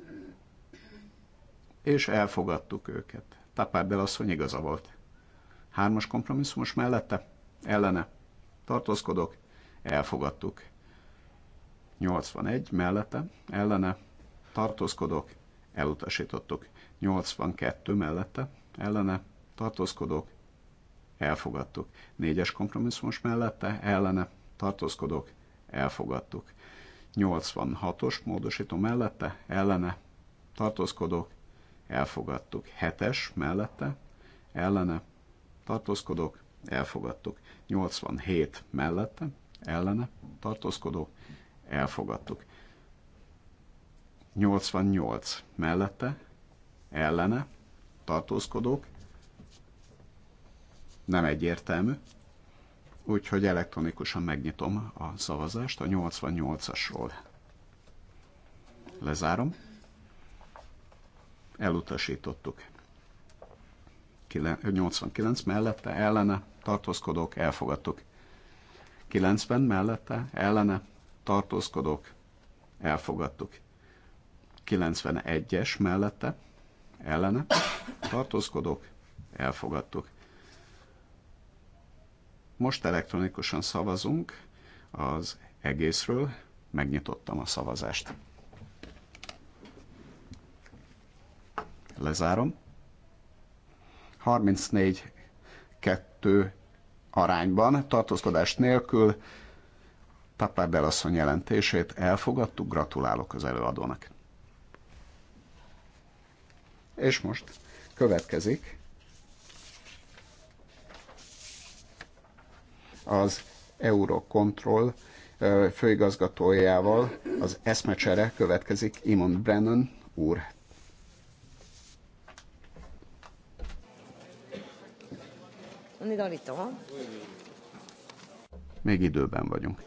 És elfogadtuk őket. Tapábel asszony igaza volt. Hármas kompromisszumos mellette? Ellene. Tartózkodok. Elfogadtuk. 81 mellette? Ellene. Tartózkodok. Elutasítottuk. 82 mellette? Ellene. Tartózkodok. Elfogadtuk. Négyes kompromisszumos mellette? Ellene. Tartózkodok. Elfogadtuk. 86-os módosító mellette, ellene, tartózkodók, elfogadtuk. 7-es mellette, ellene, tartózkodók, elfogadtuk. 87 mellette, ellene, tartózkodók, elfogadtuk. 88 mellette, ellene, tartózkodók, nem egyértelmű, úgyhogy elektronikusan megnyitom a szavazást a 88-asról. Lezárom. Elutasítottuk. 89 mellette, ellene, tartózkodók, elfogadtuk. 90 mellette, ellene, tartózkodók, elfogadtuk. 91-es mellette, ellene, tartózkodók, elfogadtuk. Most elektronikusan szavazunk az egészről, megnyitottam a szavazást. Lezárom. 34-2 arányban, tartózkodás nélkül Tapárdel Belasszony jelentését elfogadtuk, gratulálok az előadónak. És most következik az Eurocontrol főigazgatójával az eszmecsere következik Imon Brennan úr. Még időben vagyunk.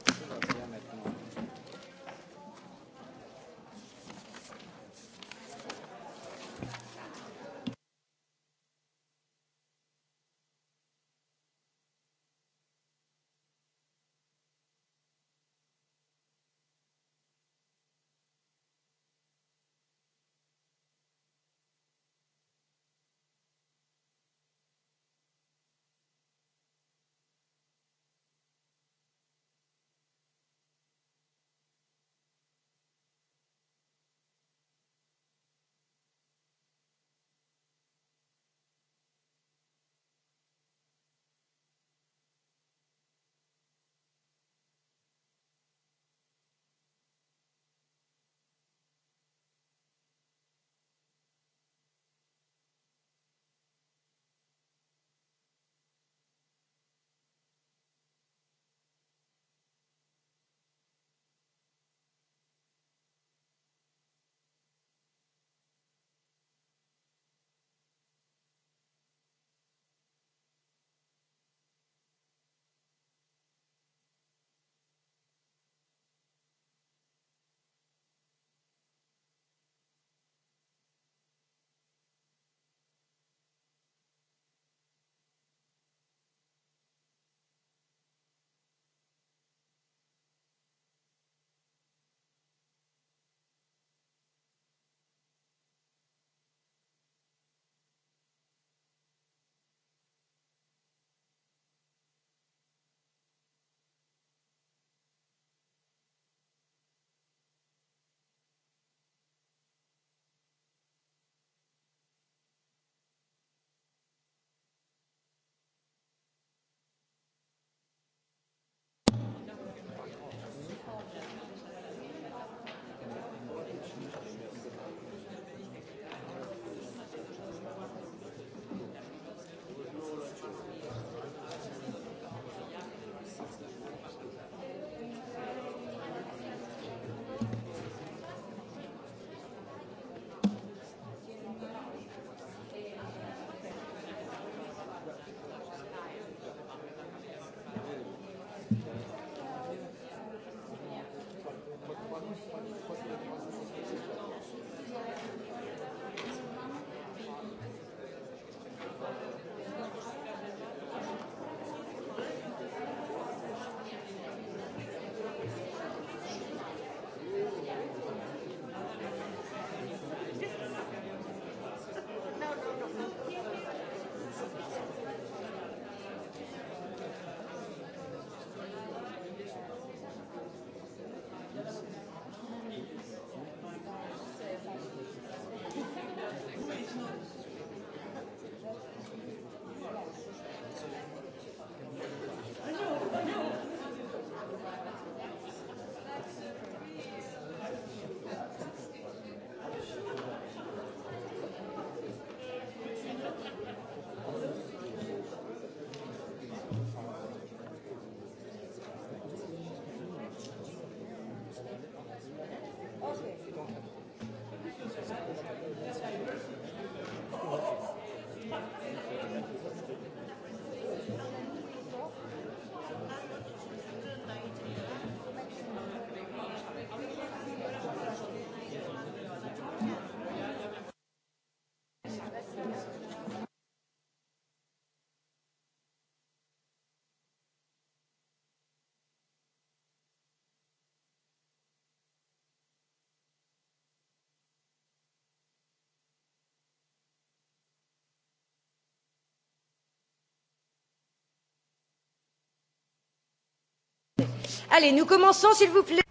Allez, nous commençons, s'il vous plaît.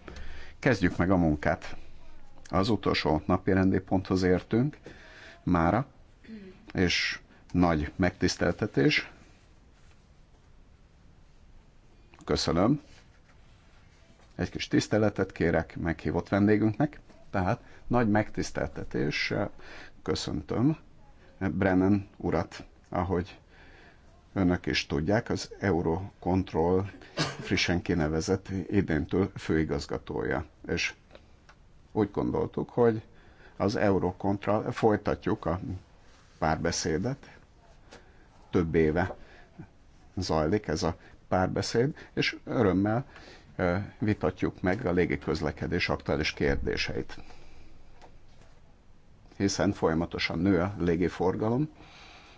Kezdjük meg a munkát. Az utolsó napi rendi ponthoz értünk mára, és nagy megtiszteltetés. Köszönöm. Egy kis tiszteletet kérek meghívott vendégünknek. Tehát nagy megtiszteltetés. Köszöntöm Brennan urat, ahogy önök is tudják, az Eurocontrol frissen kinevezett idéntől főigazgatója. És úgy gondoltuk, hogy az Eurocontrol folytatjuk a párbeszédet. Több éve zajlik ez a párbeszéd, és örömmel vitatjuk meg a légiközlekedés aktuális kérdéseit. Hiszen folyamatosan nő a légiforgalom,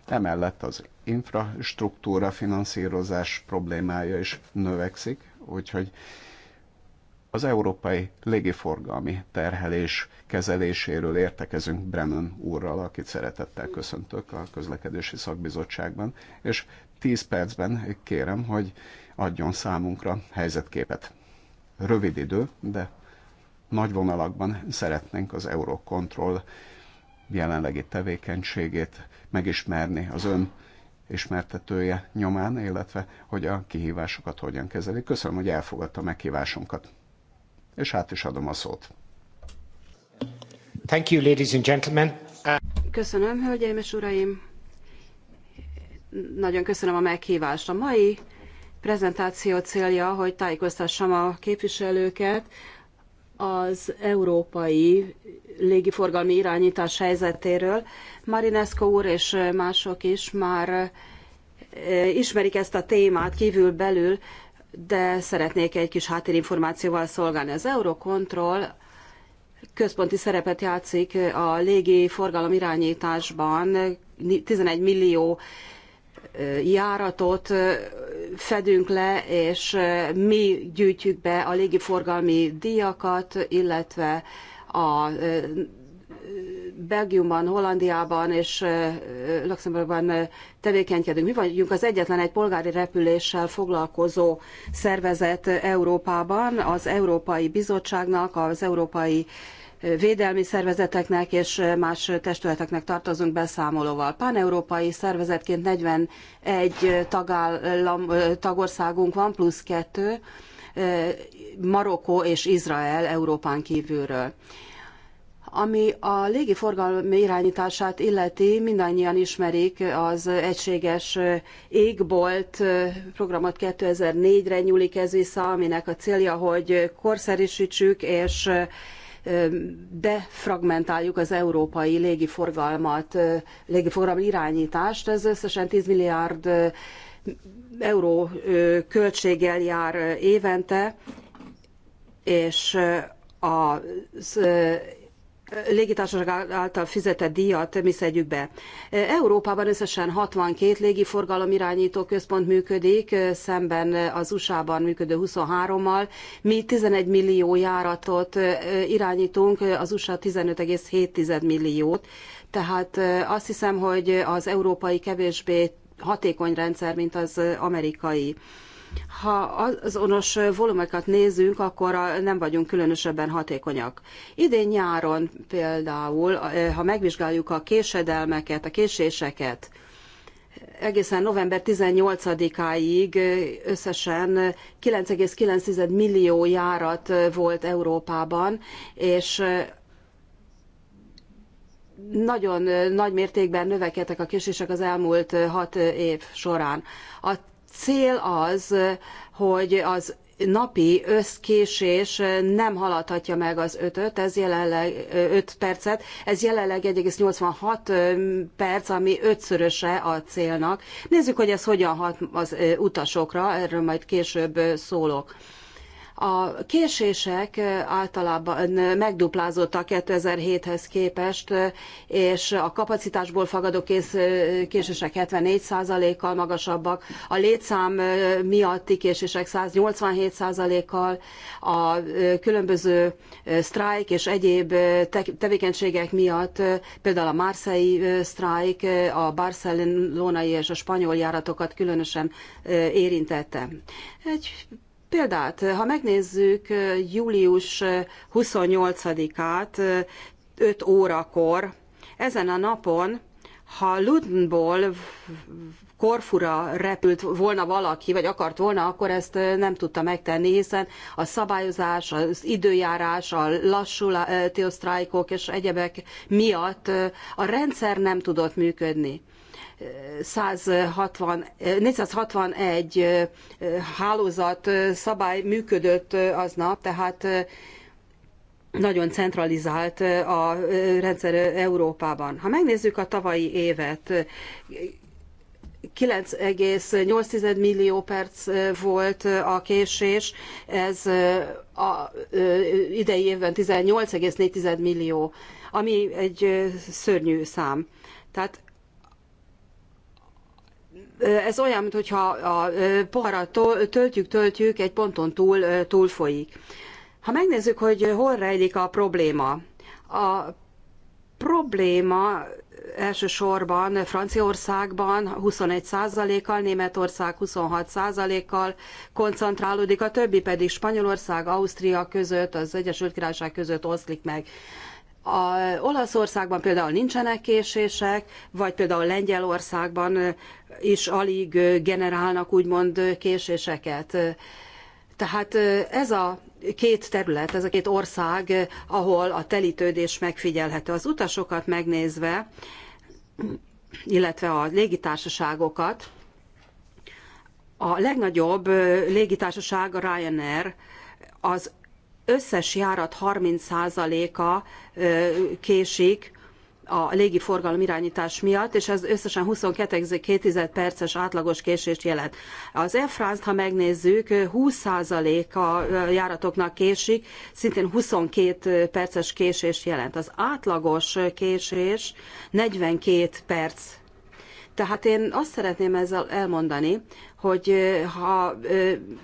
Emellett az infrastruktúra finanszírozás problémája is növekszik, úgyhogy az európai légiforgalmi terhelés kezeléséről értekezünk Brennan úrral, akit szeretettel köszöntök a közlekedési szakbizottságban, és 10 percben kérem, hogy adjon számunkra helyzetképet. Rövid idő, de nagy vonalakban szeretnénk az Eurocontrol jelenlegi tevékenységét megismerni az ön ismertetője nyomán, illetve hogy a kihívásokat hogyan kezeli. Köszönöm, hogy elfogadta meghívásunkat. És hát is adom a szót. Thank you, ladies and gentlemen. Köszönöm, hölgyeim és uraim. Nagyon köszönöm a meghívást. A mai prezentáció célja, hogy tájékoztassam a képviselőket az európai légiforgalmi irányítás helyzetéről. Marinesco úr és mások is már e, ismerik ezt a témát kívül belül, de szeretnék egy kis háttérinformációval szolgálni. Az Eurocontrol központi szerepet játszik a légi forgalom irányításban, 11 millió járatot fedünk le, és mi gyűjtjük be a légiforgalmi díjakat, illetve a Belgiumban, Hollandiában és Luxemburgban tevékenykedünk. Mi vagyunk az egyetlen egy polgári repüléssel foglalkozó szervezet Európában, az Európai Bizottságnak, az Európai védelmi szervezeteknek és más testületeknek tartozunk beszámolóval. Páneurópai szervezetként 41 tagállam, tagországunk van, plusz kettő, Marokkó és Izrael Európán kívülről. Ami a légiforgalmi irányítását illeti, mindannyian ismerik az egységes égbolt programot 2004-re nyúlik ez vissza, aminek a célja, hogy korszerűsítsük és defragmentáljuk az európai légiforgalmat, légiforgalom irányítást, ez összesen 10 milliárd euró költséggel jár évente, és az légitársaság által fizetett díjat mi szedjük be. Európában összesen 62 légiforgalom irányító központ működik, szemben az USA-ban működő 23-mal. Mi 11 millió járatot irányítunk, az USA 15,7 milliót. Tehát azt hiszem, hogy az európai kevésbé hatékony rendszer, mint az amerikai ha azonos volumokat nézünk, akkor nem vagyunk különösebben hatékonyak. Idén nyáron például, eh, ha megvizsgáljuk a késedelmeket, a késéseket, egészen november 18-áig eh, összesen 9,9 millió járat eh, volt Európában, és nagyon nagy mértékben növekedtek a késések az elmúlt hat év során. A cél az, hogy az napi összkésés nem haladhatja meg az ötöt. ez jelenleg 5 percet, ez jelenleg 1,86 perc, ami ötszöröse a célnak. Nézzük, hogy ez hogyan hat az utasokra, erről majd később szólok. A késések általában megduplázottak 2007-hez képest, és a kapacitásból fagadó késések 74%-kal magasabbak, a létszám miatti késések 187%-kal, a különböző sztrájk és egyéb tevékenységek miatt, például a márszei sztrájk, a barcelonai és a spanyol járatokat különösen érintette. Egy példát, ha megnézzük július 28-át 5 órakor, ezen a napon, ha Ludenból Korfura repült volna valaki, vagy akart volna, akkor ezt nem tudta megtenni, hiszen a szabályozás, az időjárás, a lassú sztrájkok és egyebek miatt a rendszer nem tudott működni. 160, 461 hálózat szabály működött aznap, tehát nagyon centralizált a rendszer Európában. Ha megnézzük a tavalyi évet, 9,8 millió perc volt a késés, ez a idei évben 18,4 millió, ami egy szörnyű szám. Tehát ez olyan, mintha a poharat töltjük-töltjük, egy ponton túl túlfolyik. Ha megnézzük, hogy hol rejlik a probléma. A probléma elsősorban Franciaországban 21%-kal, Németország 26%-kal koncentrálódik, a többi pedig Spanyolország, Ausztria között, az Egyesült Királyság között oszlik meg. A Olaszországban például nincsenek késések, vagy például Lengyelországban is alig generálnak úgymond késéseket. Tehát ez a két terület, ez a két ország, ahol a telítődés megfigyelhető. Az utasokat megnézve, illetve a légitársaságokat, a legnagyobb légitársaság, a Ryanair, az összes járat 30%-a késik a légiforgalom irányítás miatt, és ez összesen 22,2 perces átlagos késést jelent. Az Air France-t, ha megnézzük, 20% a járatoknak késik, szintén 22 perces késést jelent. Az átlagos késés 42 perc tehát én azt szeretném ezzel elmondani, hogy ha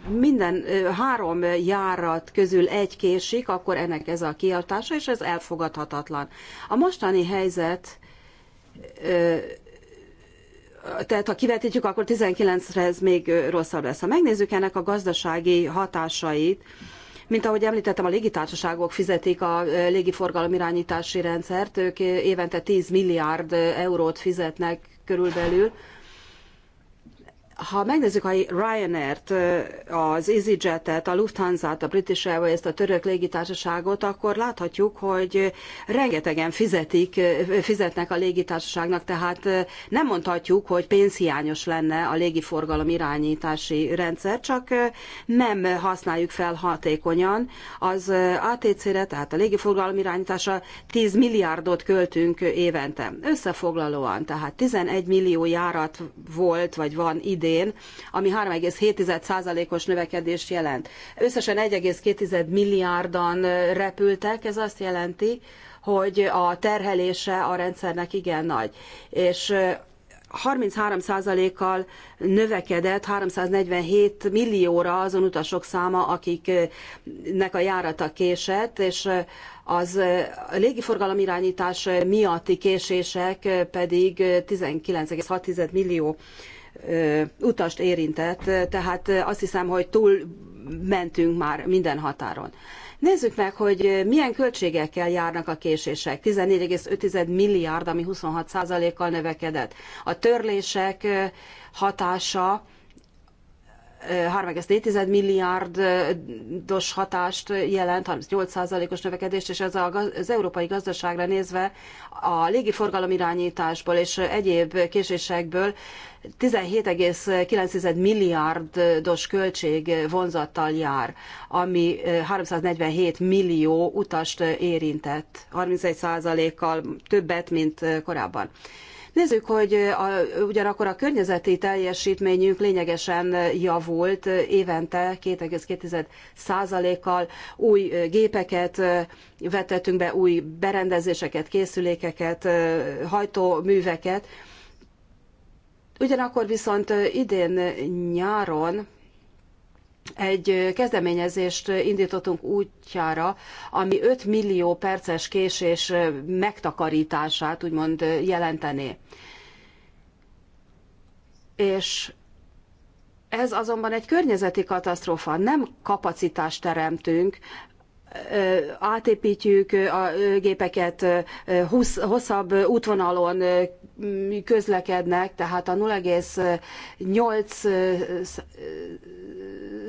minden három járat közül egy késik, akkor ennek ez a kiáltása és ez elfogadhatatlan. A mostani helyzet tehát ha kivetítjük, akkor 19-re ez még rosszabb lesz. Ha megnézzük ennek a gazdasági hatásait, mint ahogy említettem, a légitársaságok fizetik a légiforgalom irányítási rendszert, ők évente 10 milliárd eurót fizetnek körülbelül, ha megnézzük a Ryanair-t, az EasyJet-et, a Lufthansa-t, a British Airways-t, a török légitársaságot, akkor láthatjuk, hogy rengetegen fizetik, fizetnek a légitársaságnak, tehát nem mondhatjuk, hogy pénzhiányos lenne a légiforgalom irányítási rendszer, csak nem használjuk fel hatékonyan. Az ATC-re, tehát a légiforgalom irányítása 10 milliárdot költünk évente. Összefoglalóan, tehát 11 millió járat volt, vagy van idén, idén, ami 3,7%-os növekedést jelent. Összesen 1,2 milliárdan repültek, ez azt jelenti, hogy a terhelése a rendszernek igen nagy. És 33%-kal növekedett 347 millióra azon utasok száma, akiknek a járata késett, és az légiforgalom irányítás miatti késések pedig 19,6 millió utast érintett, tehát azt hiszem, hogy túl mentünk már minden határon. Nézzük meg, hogy milyen költségekkel járnak a késések. 14,5 milliárd, ami 26%-kal növekedett. A törlések hatása 3,4 milliárdos hatást jelent, 38%-os növekedést, és ez az európai gazdaságra nézve a légiforgalom irányításból és egyéb késésekből 17,9 milliárdos költség vonzattal jár, ami 347 millió utast érintett, 31%-kal többet, mint korábban. Nézzük, hogy a, ugyanakkor a környezeti teljesítményünk lényegesen javult évente 2,2%-kal új gépeket vetettünk be, új berendezéseket, készülékeket, hajtóműveket. Ugyanakkor viszont idén nyáron egy kezdeményezést indítottunk útjára, ami 5 millió perces késés megtakarítását úgymond jelentené. És ez azonban egy környezeti katasztrófa, nem kapacitást teremtünk, átépítjük a gépeket, hosszabb útvonalon közlekednek, tehát a 0,8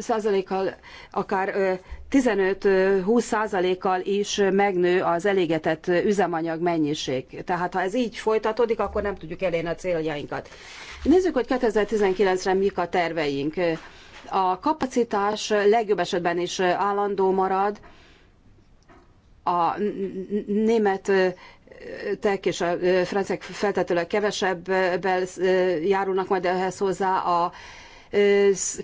százalékkal, akár 15-20 százalékkal is megnő az elégetett üzemanyag mennyiség. Tehát ha ez így folytatódik, akkor nem tudjuk elérni a céljainkat. Nézzük, hogy 2019-re mik a terveink. A kapacitás legjobb esetben is állandó marad. A német tek és a franciák feltetőleg kevesebbel járulnak majd ehhez hozzá, a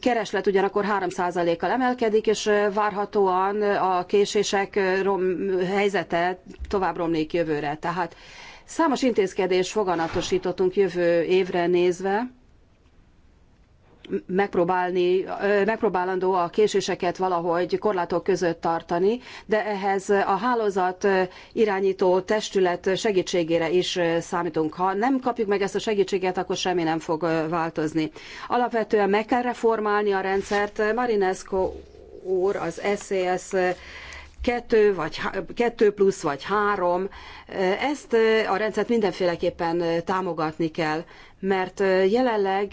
kereslet ugyanakkor 3%-kal emelkedik, és várhatóan a késések helyzete tovább romlik jövőre. Tehát számos intézkedés foganatosítottunk jövő évre nézve, megpróbálni, megpróbálandó a késéseket valahogy korlátok között tartani, de ehhez a hálózat irányító testület segítségére is számítunk. Ha nem kapjuk meg ezt a segítséget, akkor semmi nem fog változni. Alapvetően meg kell reformálni a rendszert. Marinesco úr az SES e kettő, vagy kettő plusz, vagy három. Ezt a rendszert mindenféleképpen támogatni kell, mert jelenleg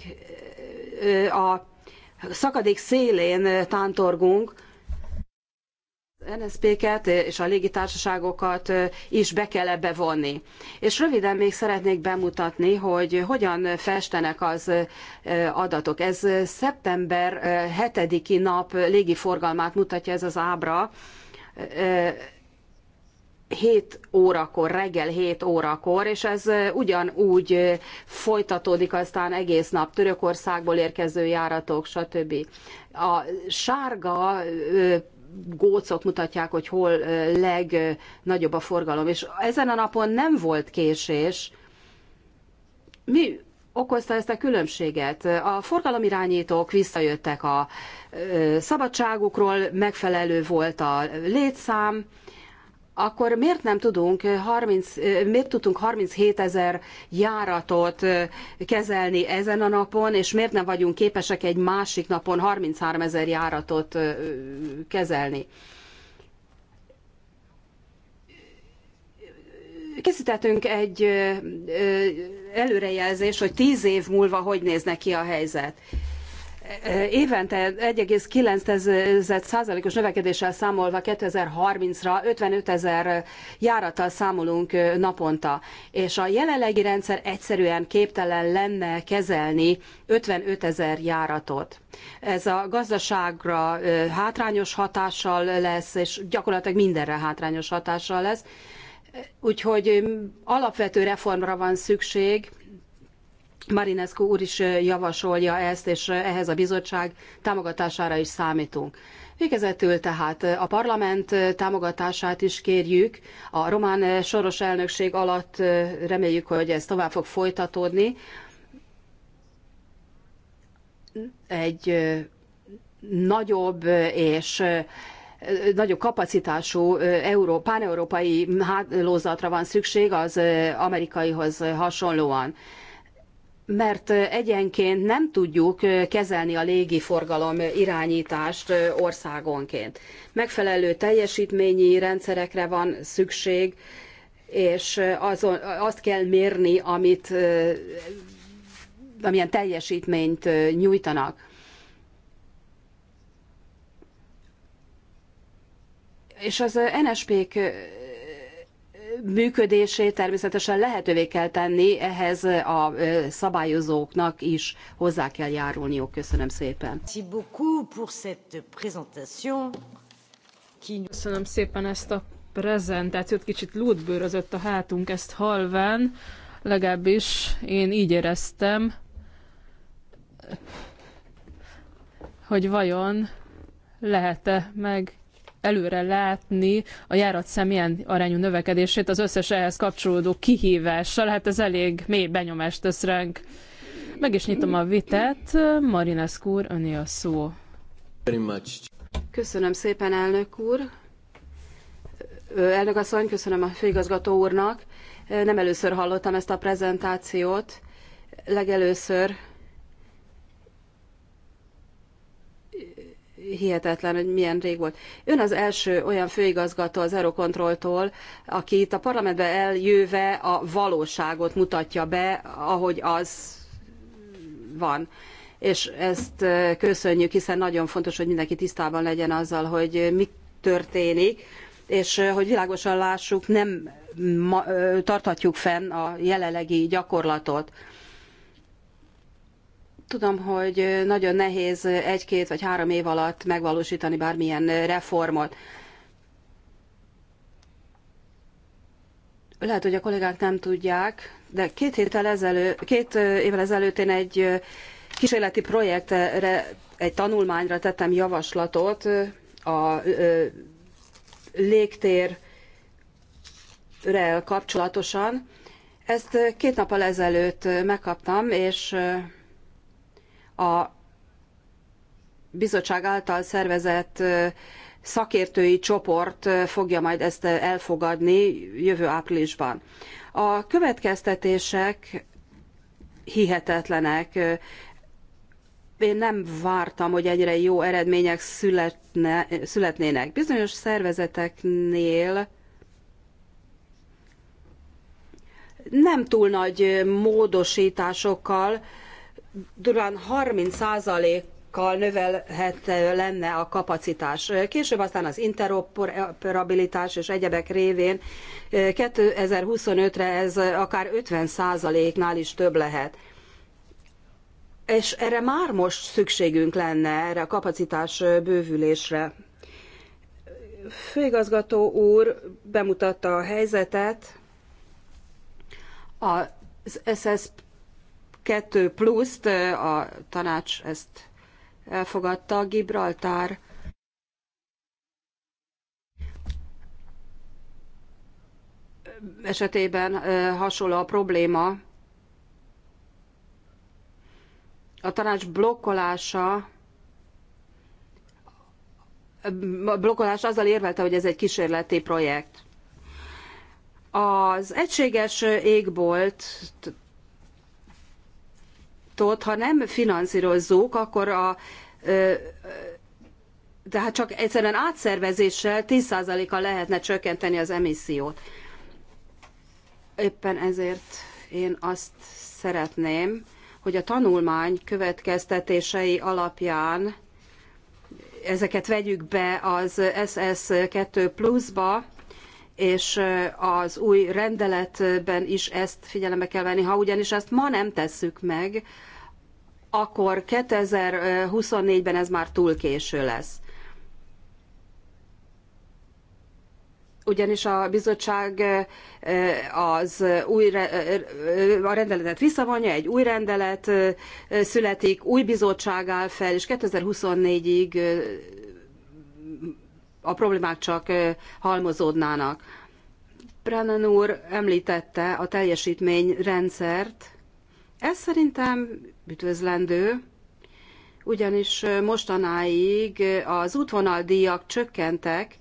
a szakadék szélén tántorgunk, NSZP-ket és a légitársaságokat is be kell ebbe vonni. És röviden még szeretnék bemutatni, hogy hogyan festenek az adatok. Ez szeptember 7-i nap légiforgalmát mutatja ez az ábra. 7 órakor, reggel 7 órakor, és ez ugyanúgy folytatódik aztán egész nap, Törökországból érkező járatok, stb. A sárga gócok mutatják, hogy hol legnagyobb a forgalom, és ezen a napon nem volt késés. Mi okozta ezt a különbséget? A forgalomirányítók visszajöttek a szabadságukról, megfelelő volt a létszám, akkor miért nem tudunk 30, miért tudtunk 37 ezer járatot kezelni ezen a napon, és miért nem vagyunk képesek egy másik napon 33 ezer járatot kezelni? Készítettünk egy előrejelzést, hogy tíz év múlva hogy néz ki a helyzet évente 1,9%-os növekedéssel számolva 2030-ra 55 ezer járattal számolunk naponta, és a jelenlegi rendszer egyszerűen képtelen lenne kezelni 55 ezer járatot. Ez a gazdaságra hátrányos hatással lesz, és gyakorlatilag mindenre hátrányos hatással lesz. Úgyhogy alapvető reformra van szükség, Marinescu úr is javasolja ezt, és ehhez a bizottság támogatására is számítunk. Végezetül tehát a parlament támogatását is kérjük. A román soros elnökség alatt reméljük, hogy ez tovább fog folytatódni. Egy nagyobb és nagyobb kapacitású euró, páneurópai hálózatra van szükség az amerikaihoz hasonlóan mert egyenként nem tudjuk kezelni a légiforgalom irányítást országonként. Megfelelő teljesítményi rendszerekre van szükség, és azon, azt kell mérni, amit, amilyen teljesítményt nyújtanak. És az NSP-k működését természetesen lehetővé kell tenni, ehhez a szabályozóknak is hozzá kell járulniuk. Köszönöm szépen. Köszönöm szépen ezt a prezentációt, kicsit lútbőrözött a hátunk ezt halván, legalábbis én így éreztem, hogy vajon lehet-e meg előre látni a járat személyen arányú növekedését az összes ehhez kapcsolódó kihívással. Hát ez elég mély benyomást tesz ránk. Meg is nyitom a vitát. Marinescu úr, öné a szó. Köszönöm szépen, elnök úr. Elnök asszony, köszönöm a főigazgató úrnak. Nem először hallottam ezt a prezentációt. Legelőször hihetetlen, hogy milyen rég volt. Ön az első olyan főigazgató az Eurocontroltól, aki itt a parlamentbe eljöve a valóságot mutatja be, ahogy az van. És ezt köszönjük, hiszen nagyon fontos, hogy mindenki tisztában legyen azzal, hogy mi történik, és hogy világosan lássuk, nem tarthatjuk fenn a jelenlegi gyakorlatot. Tudom, hogy nagyon nehéz egy-két vagy három év alatt megvalósítani bármilyen reformot. Lehet, hogy a kollégák nem tudják, de két, héttel ezelő, két évvel ezelőtt én egy kísérleti projektre, egy tanulmányra tettem javaslatot a légtérrel kapcsolatosan. Ezt két nappal ezelőtt megkaptam, és a bizottság által szervezett szakértői csoport fogja majd ezt elfogadni jövő áprilisban. A következtetések hihetetlenek. Én nem vártam, hogy egyre jó eredmények születne, születnének. Bizonyos szervezeteknél nem túl nagy módosításokkal, durván 30 százalékkal növelhető lenne a kapacitás. Később aztán az interoperabilitás és egyebek révén 2025-re ez akár 50%-nál is több lehet. És erre már most szükségünk lenne, erre a kapacitás bővülésre. Főigazgató úr bemutatta a helyzetet, az SSP kettő pluszt, a tanács ezt elfogadta, Gibraltár esetében hasonló a probléma. A tanács blokkolása blokkolás azzal érvelte, hogy ez egy kísérleti projekt. Az egységes égbolt sportot, ha nem finanszírozzuk, akkor a tehát csak egyszerűen átszervezéssel 10%-kal lehetne csökkenteni az emissziót. Éppen ezért én azt szeretném, hogy a tanulmány következtetései alapján ezeket vegyük be az SS2 pluszba, és az új rendeletben is ezt figyelembe kell venni. Ha ugyanis ezt ma nem tesszük meg, akkor 2024-ben ez már túl késő lesz. Ugyanis a bizottság az új, a rendeletet visszavonja, egy új rendelet születik, új bizottság áll fel, és 2024-ig a problémák csak halmozódnának. Brennan úr említette a teljesítményrendszert. Ez szerintem üdvözlendő, ugyanis mostanáig az útvonaldíjak csökkentek,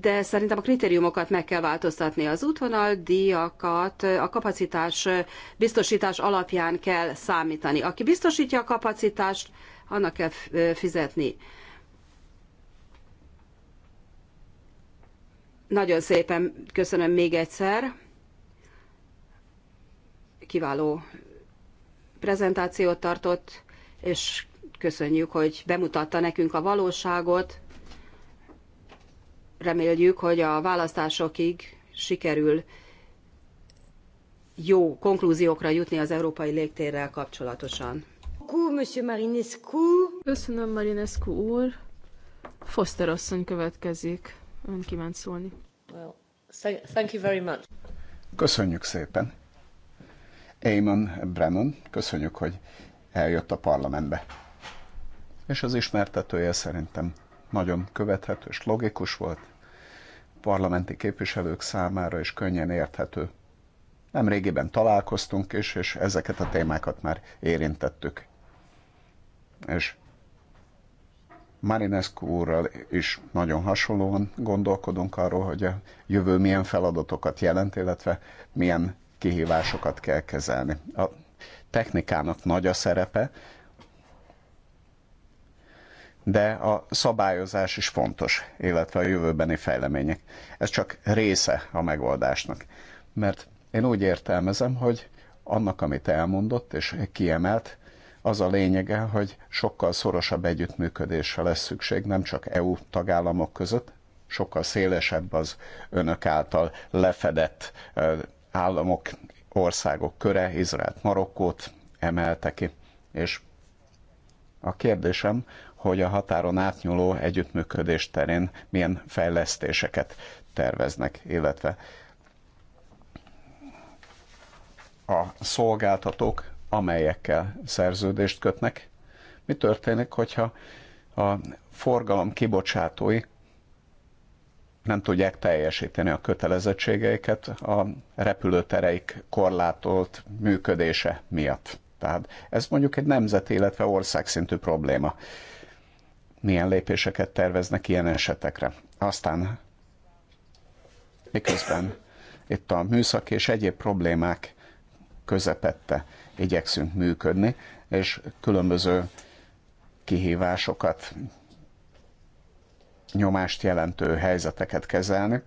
de szerintem a kritériumokat meg kell változtatni. Az útvonaldíjakat a kapacitás biztosítás alapján kell számítani. Aki biztosítja a kapacitást, annak kell fizetni. Nagyon szépen köszönöm még egyszer. Kiváló prezentációt tartott, és köszönjük, hogy bemutatta nekünk a valóságot. Reméljük, hogy a választásokig sikerül jó konklúziókra jutni az európai légtérrel kapcsolatosan. Köszönöm, Marinescu úr. Foster asszony következik. Ön kívánt szólni. Well, thank you very much. Köszönjük szépen. Eamon Brennan, köszönjük, hogy eljött a parlamentbe. És az ismertetője szerintem nagyon követhető és logikus volt, parlamenti képviselők számára is könnyen érthető. Nem régiben találkoztunk is, és ezeket a témákat már érintettük. És Marinescu úrral is nagyon hasonlóan gondolkodunk arról, hogy a jövő milyen feladatokat jelent, illetve milyen kihívásokat kell kezelni. A technikának nagy a szerepe, de a szabályozás is fontos, illetve a jövőbeni fejlemények. Ez csak része a megoldásnak. Mert én úgy értelmezem, hogy annak, amit elmondott és kiemelt, az a lényege, hogy sokkal szorosabb együttműködésre lesz szükség, nem csak EU tagállamok között, sokkal szélesebb az önök által lefedett államok, országok köre, Izraelt, Marokkót emelte ki. És a kérdésem, hogy a határon átnyúló együttműködés terén milyen fejlesztéseket terveznek, illetve a szolgáltatók, amelyekkel szerződést kötnek, mi történik, hogyha a forgalom kibocsátói nem tudják teljesíteni a kötelezettségeiket a repülőtereik korlátolt működése miatt. Tehát ez mondjuk egy nemzet, illetve országszintű probléma. Milyen lépéseket terveznek ilyen esetekre? Aztán miközben itt a műszak és egyéb problémák közepette igyekszünk működni, és különböző kihívásokat nyomást jelentő helyzeteket kezelni.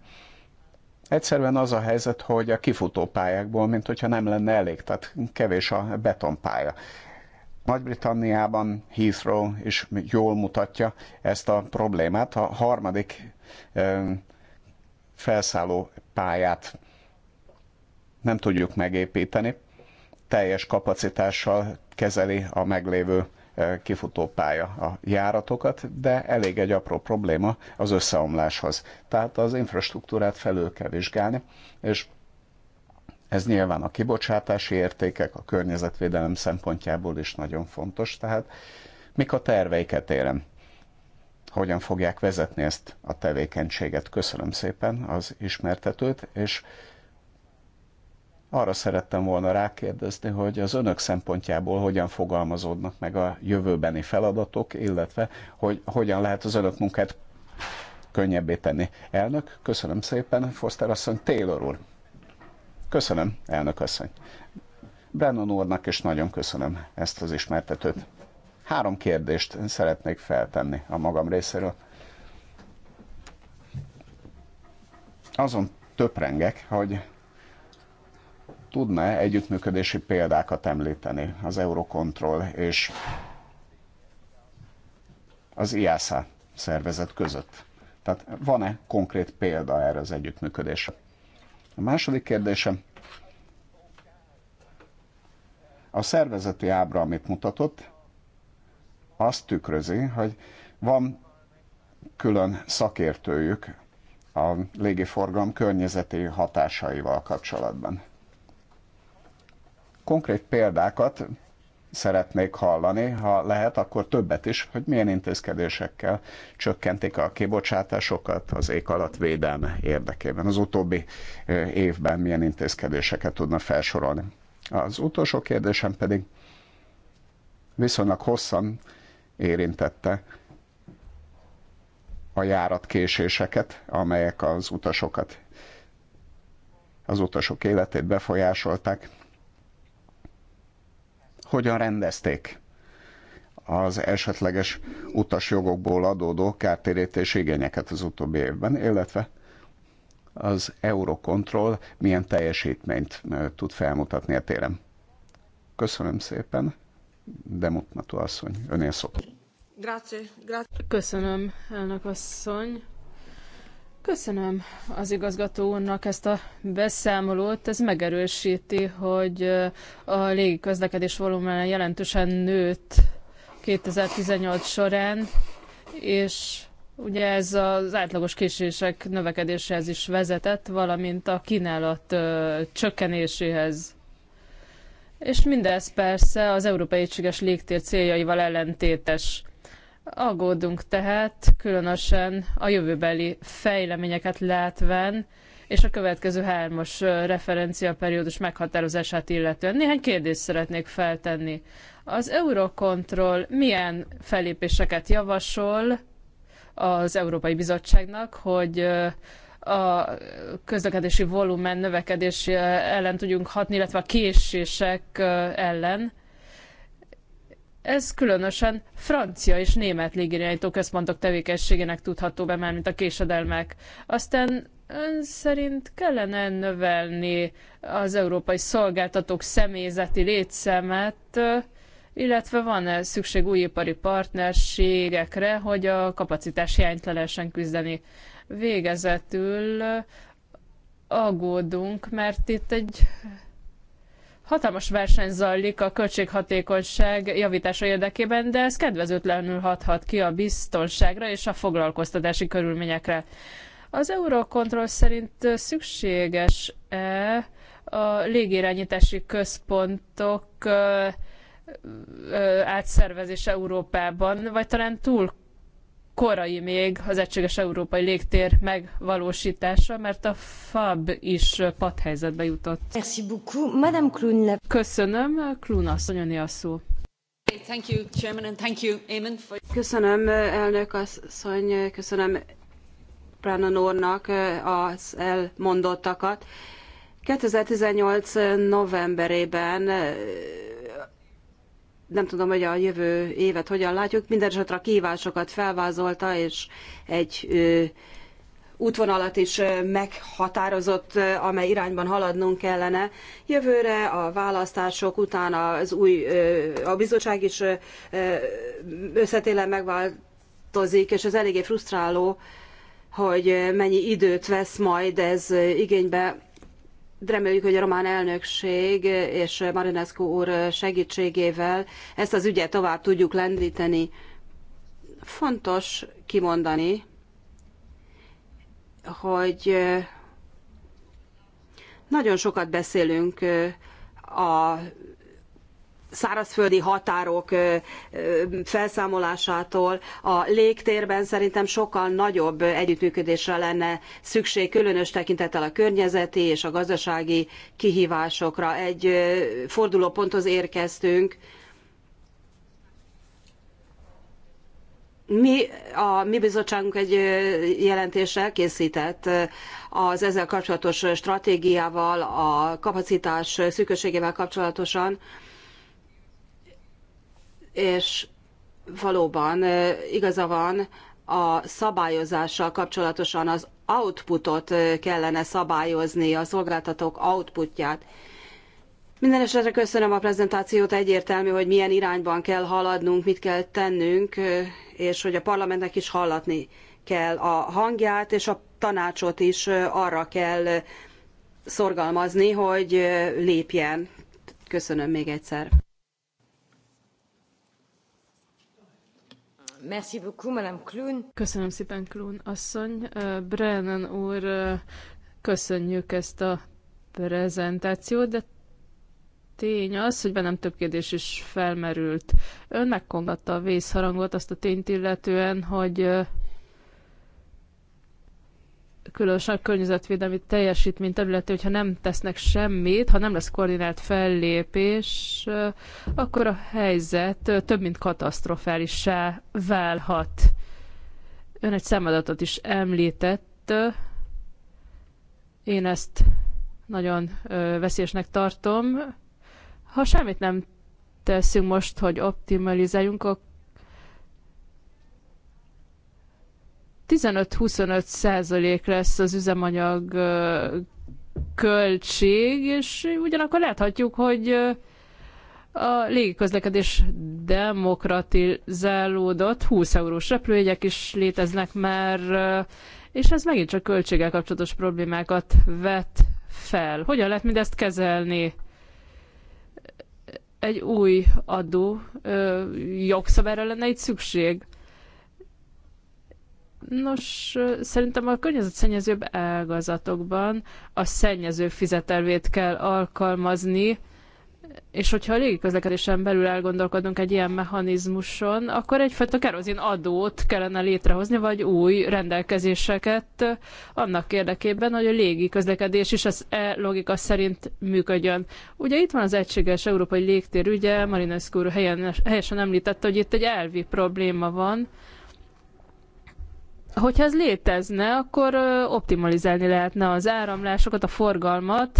Egyszerűen az a helyzet, hogy a kifutó pályákból, mint hogyha nem lenne elég, tehát kevés a betonpálya. Nagy-Britanniában Heathrow is jól mutatja ezt a problémát. A harmadik felszálló pályát nem tudjuk megépíteni, teljes kapacitással kezeli a meglévő kifutó pálya a járatokat, de elég egy apró probléma az összeomláshoz. Tehát az infrastruktúrát felül kell vizsgálni, és ez nyilván a kibocsátási értékek, a környezetvédelem szempontjából is nagyon fontos, tehát mik a terveiket érem? Hogyan fogják vezetni ezt a tevékenységet? Köszönöm szépen az ismertetőt, és arra szerettem volna rákérdezni, hogy az önök szempontjából hogyan fogalmazódnak meg a jövőbeni feladatok, illetve hogy hogyan lehet az önök munkát könnyebbé tenni. Elnök, köszönöm szépen, Foster asszony, Taylor úr. Köszönöm, elnök asszony. Brennan úrnak is nagyon köszönöm ezt az ismertetőt. Három kérdést szeretnék feltenni a magam részéről. Azon töprengek, hogy tudná együttműködési példákat említeni az Eurocontrol és az IASA szervezet között? Tehát van-e konkrét példa erre az együttműködésre? A második kérdésem, a szervezeti ábra, amit mutatott, azt tükrözi, hogy van külön szakértőjük a légiforgalom környezeti hatásaival kapcsolatban. Konkrét példákat szeretnék hallani, ha lehet, akkor többet is, hogy milyen intézkedésekkel csökkentik a kibocsátásokat az ég alatt védelme érdekében. Az utóbbi évben milyen intézkedéseket tudna felsorolni. Az utolsó kérdésem pedig viszonylag hosszan érintette a járatkéséseket, amelyek az utasokat, az utasok életét befolyásolták hogyan rendezték az esetleges utasjogokból adódó kártérítés igényeket az utóbbi évben, illetve az Eurocontrol milyen teljesítményt tud felmutatni a téren. Köszönöm szépen, Demutmató asszony, önél szó. Grazie, grazie. Köszönöm, elnök asszony. Köszönöm az igazgató úrnak ezt a beszámolót. Ez megerősíti, hogy a légi közlekedés volumen jelentősen nőtt 2018 során, és ugye ez az átlagos késések növekedéséhez is vezetett, valamint a kínálat csökkenéséhez. És mindez persze az Európai Egységes Légtér céljaival ellentétes. Aggódunk tehát, különösen a jövőbeli fejleményeket látván, és a következő hármas referenciaperiódus meghatározását illetően néhány kérdést szeretnék feltenni. Az Eurocontrol milyen felépéseket javasol az Európai Bizottságnak, hogy a közlekedési volumen növekedés ellen tudjunk hatni, illetve a késések ellen? Ez különösen francia és német légirányító központok tevékenységének tudható be már, mint a késedelmek. Aztán ön szerint kellene növelni az európai szolgáltatók személyzeti létszámát, illetve van-e szükség új ipari partnerségekre, hogy a kapacitás hiányt lehessen küzdeni? Végezetül aggódunk, mert itt egy Hatalmas verseny zajlik a költséghatékonyság javítása érdekében, de ez kedvezőtlenül hathat ki a biztonságra és a foglalkoztatási körülményekre. Az Eurocontrol szerint szükséges-e a légirányítási központok átszervezése Európában, vagy talán túl korai még az egységes európai légtér megvalósítása, mert a FAB is padhelyzetbe jutott. Merci beaucoup. Madame Köszönöm, Klun asszony, a szó. Thank you, Chairman, and thank you, Eamon, for... Köszönöm, elnök asszony, köszönöm Pránan úrnak az elmondottakat. 2018 novemberében nem tudom, hogy a jövő évet hogyan látjuk, mindenesetre a kívásokat felvázolta, és egy ö, útvonalat is meghatározott, amely irányban haladnunk kellene. Jövőre a választások után az új, a bizottság is összetélen megváltozik, és ez eléggé frusztráló, hogy mennyi időt vesz majd ez igénybe reméljük, hogy a román elnökség és Marinescu úr segítségével ezt az ügyet tovább tudjuk lendíteni. Fontos kimondani, hogy nagyon sokat beszélünk a szárazföldi határok felszámolásától a légtérben szerintem sokkal nagyobb együttműködésre lenne szükség, különös tekintettel a környezeti és a gazdasági kihívásokra. Egy fordulóponthoz érkeztünk. Mi, a mi bizottságunk egy jelentést elkészített az ezzel kapcsolatos stratégiával, a kapacitás szűkösségével kapcsolatosan, és valóban igaza van, a szabályozással kapcsolatosan az outputot kellene szabályozni, a szolgáltatók outputját. Minden esetre köszönöm a prezentációt, egyértelmű, hogy milyen irányban kell haladnunk, mit kell tennünk, és hogy a parlamentnek is hallatni kell a hangját, és a tanácsot is arra kell szorgalmazni, hogy lépjen. Köszönöm még egyszer. Merci beaucoup, Madame Köszönöm szépen, Klun asszony. Brennan úr, köszönjük ezt a prezentációt, de tény az, hogy bennem több kérdés is felmerült. Ön megkongatta a vészharangot azt a tényt illetően, hogy különösen a környezetvédelmi teljesítmény területe, hogyha nem tesznek semmit, ha nem lesz koordinált fellépés, akkor a helyzet több mint katasztrofálissá válhat. Ön egy számadatot is említett, én ezt nagyon veszélyesnek tartom. Ha semmit nem teszünk most, hogy optimalizáljunk, akkor 15-25 százalék lesz az üzemanyag költség, és ugyanakkor láthatjuk, hogy a légiközlekedés demokratizálódott, 20 eurós repülőjegyek is léteznek már, és ez megint csak költséggel kapcsolatos problémákat vet fel. Hogyan lehet mindezt kezelni? Egy új adó jogszabályra lenne itt szükség? Nos, szerintem a környezetszennyezőbb ágazatokban a szennyező fizetelvét kell alkalmazni, és hogyha a légiközlekedésen belül elgondolkodunk egy ilyen mechanizmuson, akkor egyfajta kerozin adót kellene létrehozni, vagy új rendelkezéseket annak érdekében, hogy a légiközlekedés is az e logika szerint működjön. Ugye itt van az egységes európai légtér, ugye Marinescu úr helyen, helyesen említette, hogy itt egy elvi probléma van, Hogyha ez létezne, akkor optimalizálni lehetne az áramlásokat, a forgalmat,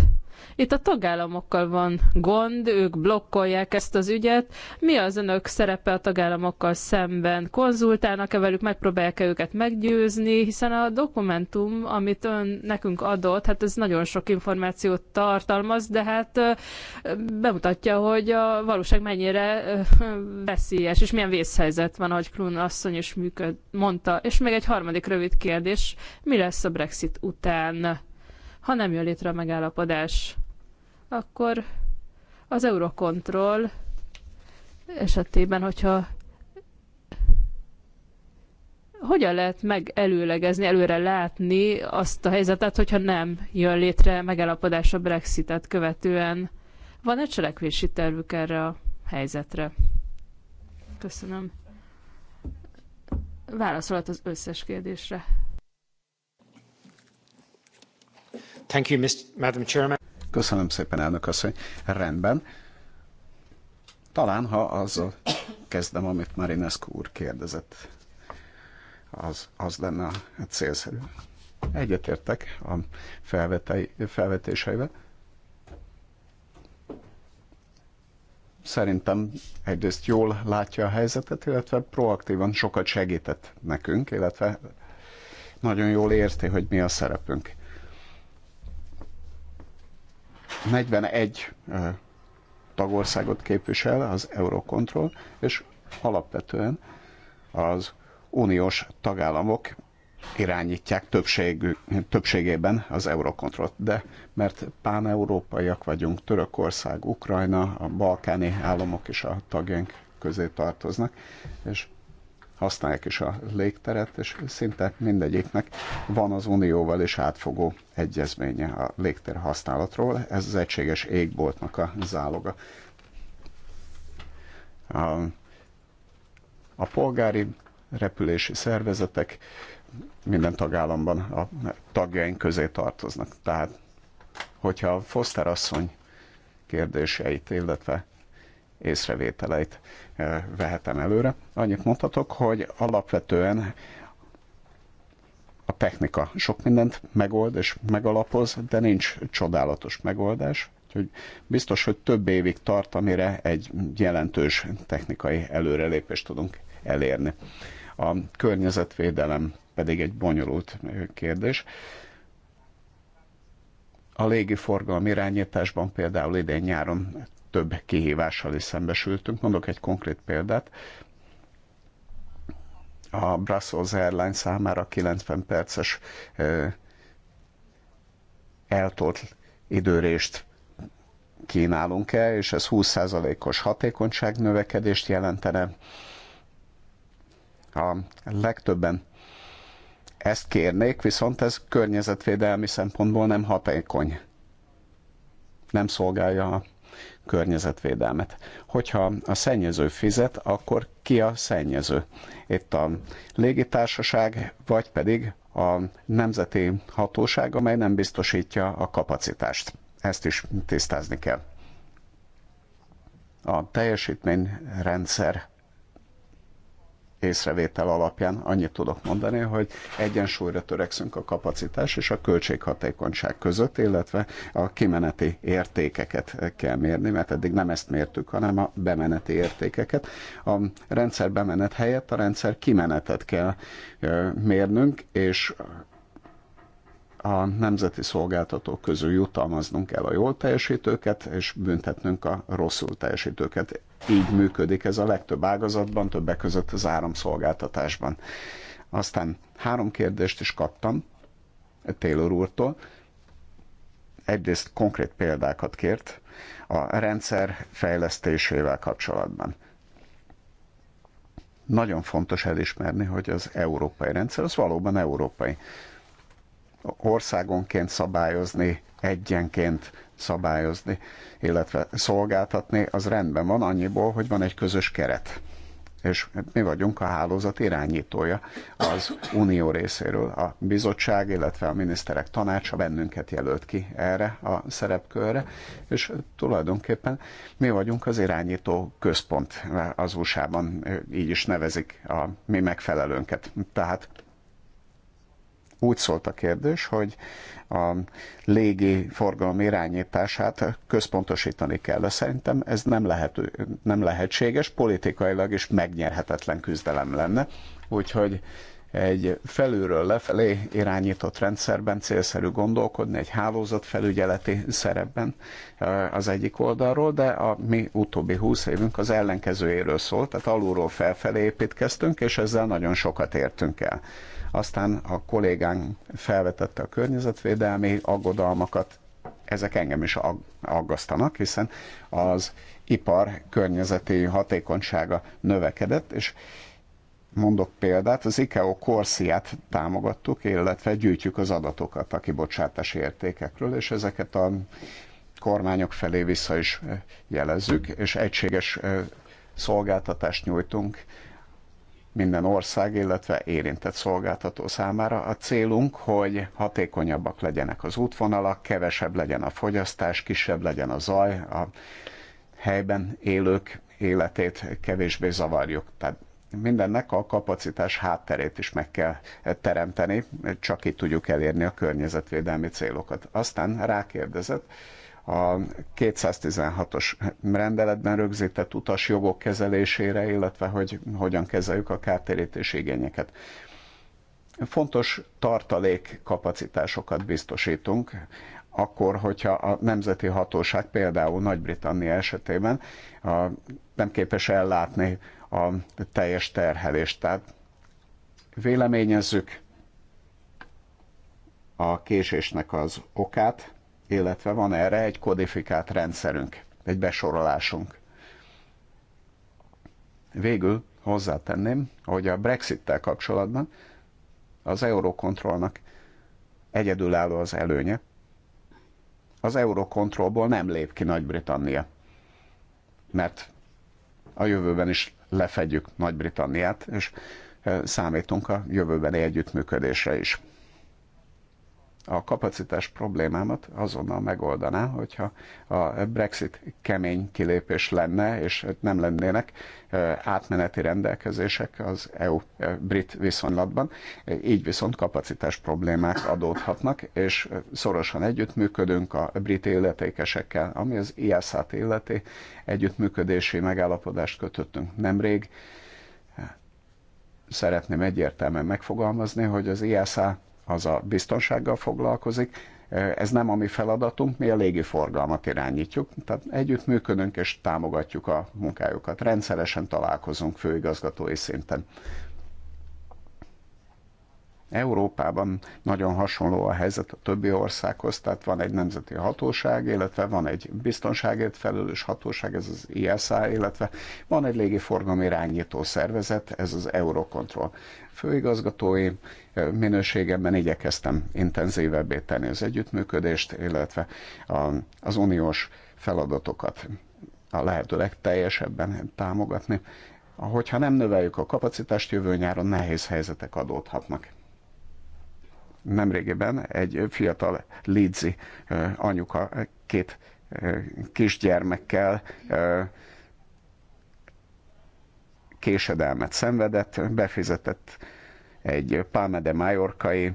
itt a tagállamokkal van gond, ők blokkolják ezt az ügyet. Mi az önök szerepe a tagállamokkal szemben? Konzultálnak-e velük, megpróbálják-e őket meggyőzni? Hiszen a dokumentum, amit ön nekünk adott, hát ez nagyon sok információt tartalmaz, de hát bemutatja, hogy a valóság mennyire veszélyes, és milyen vészhelyzet van, ahogy Klun asszony is működ, mondta. És még egy harmadik rövid kérdés, mi lesz a Brexit után? Ha nem jön létre a megállapodás, akkor az Eurocontrol esetében, hogyha hogyan lehet megelőlegezni, előre látni azt a helyzetet, hogyha nem jön létre megállapodás a Brexitet követően? Van egy cselekvési tervük erre a helyzetre? Köszönöm. Válaszolat az összes kérdésre. Thank you, Mr. Madam Chairman. Köszönöm szépen, elnök asszony. Rendben. Talán, ha azzal kezdem, amit Marinescu úr kérdezett, az, az lenne a célszerű. Egyetértek a felvetéseivel. Szerintem egyrészt jól látja a helyzetet, illetve proaktívan sokat segített nekünk, illetve nagyon jól érti, hogy mi a szerepünk 41 tagországot képvisel az Eurocontrol, és alapvetően az uniós tagállamok irányítják többségű, többségében az Eurocontrolt. De mert páneurópaiak vagyunk, Törökország, Ukrajna, a balkáni államok is a tagjánk közé tartoznak, és használják is a légteret, és szinte mindegyiknek van az Unióval is átfogó egyezménye a légtér használatról. Ez az egységes égboltnak a záloga. A, a polgári repülési szervezetek minden tagállamban a tagjaink közé tartoznak. Tehát, hogyha a Foster asszony kérdéseit, illetve észrevételeit vehetem előre. Annyit mondhatok, hogy alapvetően a technika sok mindent megold és megalapoz, de nincs csodálatos megoldás. Úgyhogy biztos, hogy több évig tart, amire egy jelentős technikai előrelépést tudunk elérni. A környezetvédelem pedig egy bonyolult kérdés. A légiforgalom irányításban például idén nyáron több kihívással is szembesültünk. Mondok egy konkrét példát. A Brussels Airlines számára 90 perces eltolt időrést kínálunk el, és ez 20%-os hatékonyság növekedést jelentene. A legtöbben ezt kérnék, viszont ez környezetvédelmi szempontból nem hatékony. Nem szolgálja a környezetvédelmet. Hogyha a szennyező fizet, akkor ki a szennyező? Itt a légitársaság, vagy pedig a nemzeti hatóság, amely nem biztosítja a kapacitást. Ezt is tisztázni kell. A teljesítményrendszer észrevétel alapján annyit tudok mondani, hogy egyensúlyra törekszünk a kapacitás és a költséghatékonyság között, illetve a kimeneti értékeket kell mérni, mert eddig nem ezt mértük, hanem a bemeneti értékeket. A rendszer bemenet helyett a rendszer kimenetet kell mérnünk, és a nemzeti szolgáltatók közül jutalmaznunk el a jól teljesítőket, és büntetnünk a rosszul teljesítőket így működik ez a legtöbb ágazatban, többek között az áramszolgáltatásban. Aztán három kérdést is kaptam Taylor úrtól. Egyrészt konkrét példákat kért a rendszer fejlesztésével kapcsolatban. Nagyon fontos elismerni, hogy az európai rendszer az valóban európai. Országonként szabályozni egyenként szabályozni, illetve szolgáltatni, az rendben van annyiból, hogy van egy közös keret. És mi vagyunk a hálózat irányítója az unió részéről. A bizottság, illetve a miniszterek tanácsa bennünket jelölt ki erre a szerepkörre, és tulajdonképpen mi vagyunk az irányító központ az USA-ban, így is nevezik a mi megfelelőnket. Tehát úgy szólt a kérdés, hogy a légi forgalom irányítását központosítani kell. Szerintem ez nem, lehet, nem lehetséges, politikailag is megnyerhetetlen küzdelem lenne. Úgyhogy egy felülről lefelé irányított rendszerben célszerű gondolkodni, egy hálózatfelügyeleti szerepben az egyik oldalról, de a mi utóbbi húsz évünk az ellenkezőjéről szólt, tehát alulról felfelé építkeztünk, és ezzel nagyon sokat értünk el. Aztán a kollégánk felvetette a környezetvédelmi aggodalmakat, ezek engem is agg aggasztanak, hiszen az ipar környezeti hatékonysága növekedett, és mondok példát, az ICAO korsziát támogattuk, illetve gyűjtjük az adatokat a kibocsátási értékekről, és ezeket a kormányok felé vissza is eh, jelezzük, és egységes eh, szolgáltatást nyújtunk minden ország, illetve érintett szolgáltató számára. A célunk, hogy hatékonyabbak legyenek az útvonalak, kevesebb legyen a fogyasztás, kisebb legyen a zaj, a helyben élők életét kevésbé zavarjuk. Tehát mindennek a kapacitás hátterét is meg kell teremteni, csak így tudjuk elérni a környezetvédelmi célokat. Aztán rákérdezett, a 216-os rendeletben rögzített utas jogok kezelésére, illetve hogy hogyan kezeljük a kártérítési igényeket. Fontos tartalék kapacitásokat biztosítunk, akkor, hogyha a nemzeti hatóság például Nagy-Britannia esetében a, nem képes ellátni a teljes terhelést. Tehát véleményezzük a késésnek az okát, illetve van erre egy kodifikált rendszerünk, egy besorolásunk. Végül hozzátenném, hogy a Brexit-tel kapcsolatban az Eurocontrolnak egyedülálló az előnye. Az Eurocontrolból nem lép ki Nagy-Britannia, mert a jövőben is lefedjük Nagy-Britanniát, és eh, számítunk a jövőbeni együttműködésre is a kapacitás problémámat azonnal megoldaná, hogyha a Brexit kemény kilépés lenne, és nem lennének átmeneti rendelkezések az EU-brit viszonylatban. Így viszont kapacitás problémák adódhatnak, és szorosan együttműködünk a brit illetékesekkel, ami az ISZ-t illeti együttműködési megállapodást kötöttünk nemrég. Szeretném egyértelműen megfogalmazni, hogy az ISA az a biztonsággal foglalkozik. Ez nem a mi feladatunk, mi a légiforgalmat irányítjuk, tehát együtt működünk és támogatjuk a munkájukat. Rendszeresen találkozunk főigazgatói szinten Európában nagyon hasonló a helyzet a többi országhoz, tehát van egy nemzeti hatóság, illetve van egy biztonságért felelős hatóság, ez az ISA, illetve van egy légiforgalmi irányító szervezet, ez az Eurocontrol. Főigazgatói minőségemben igyekeztem intenzívebbé tenni az együttműködést, illetve az uniós feladatokat a lehető legteljesebben támogatni. Hogyha nem növeljük a kapacitást, jövő nyáron nehéz helyzetek adódhatnak. Nemrégiben egy fiatal Lidzi anyuka két kisgyermekkel késedelmet szenvedett, befizetett egy Palme de Mallorcai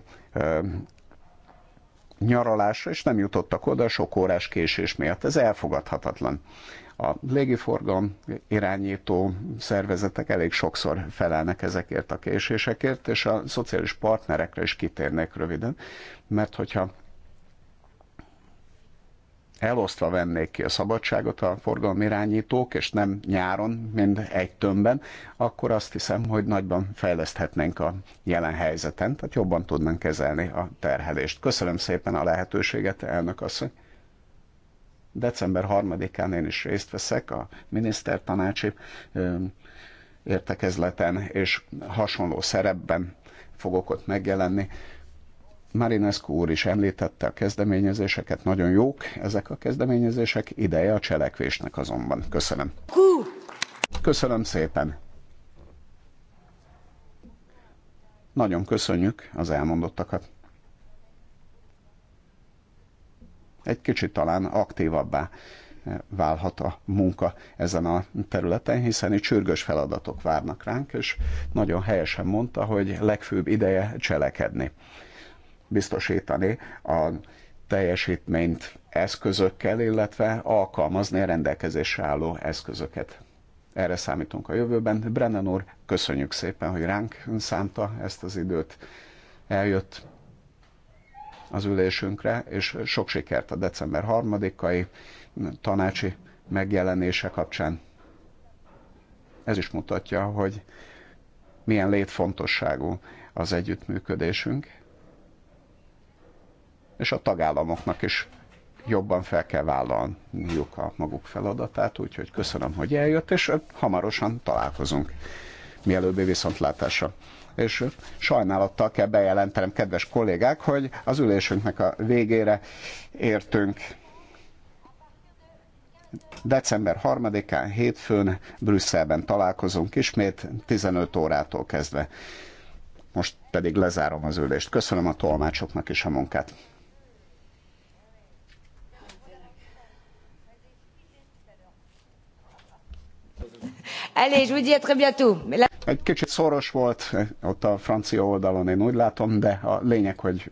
nyaralásra, és nem jutottak oda sok órás késés miatt. Ez elfogadhatatlan. A légiforgalom irányító szervezetek elég sokszor felelnek ezekért a késésekért, és a szociális partnerekre is kitérnek röviden, mert hogyha elosztva vennék ki a szabadságot a forgalmi irányítók, és nem nyáron, mind egy tömbben, akkor azt hiszem, hogy nagyban fejleszthetnénk a jelen helyzeten, tehát jobban tudnánk kezelni a terhelést. Köszönöm szépen a lehetőséget, elnök asszony! december 3-án én is részt veszek a minisztertanácsi értekezleten, és hasonló szerepben fogok ott megjelenni. Marinescu úr is említette a kezdeményezéseket, nagyon jók ezek a kezdeményezések, ideje a cselekvésnek azonban. Köszönöm. Köszönöm szépen. Nagyon köszönjük az elmondottakat. egy kicsit talán aktívabbá eh, válhat a munka ezen a területen, hiszen itt sürgős feladatok várnak ránk, és nagyon helyesen mondta, hogy legfőbb ideje cselekedni. Biztosítani a teljesítményt eszközökkel, illetve alkalmazni a rendelkezésre álló eszközöket. Erre számítunk a jövőben. Brennan úr, köszönjük szépen, hogy ránk szánta ezt az időt. Eljött az ülésünkre, és sok sikert a december 3-ai tanácsi megjelenése kapcsán. Ez is mutatja, hogy milyen létfontosságú az együttműködésünk, és a tagállamoknak is jobban fel kell vállalniuk a maguk feladatát, úgyhogy köszönöm, hogy eljött, és hamarosan találkozunk. Mielőbbi viszontlátásra! és sajnálattal kell bejelentenem, kedves kollégák, hogy az ülésünknek a végére értünk december 3-án, hétfőn Brüsszelben találkozunk ismét, 15 órától kezdve. Most pedig lezárom az ülést. Köszönöm a tolmácsoknak is a munkát. à très bientôt. Egy kicsit szoros volt ott a francia oldalon, én úgy látom, de a lényeg, hogy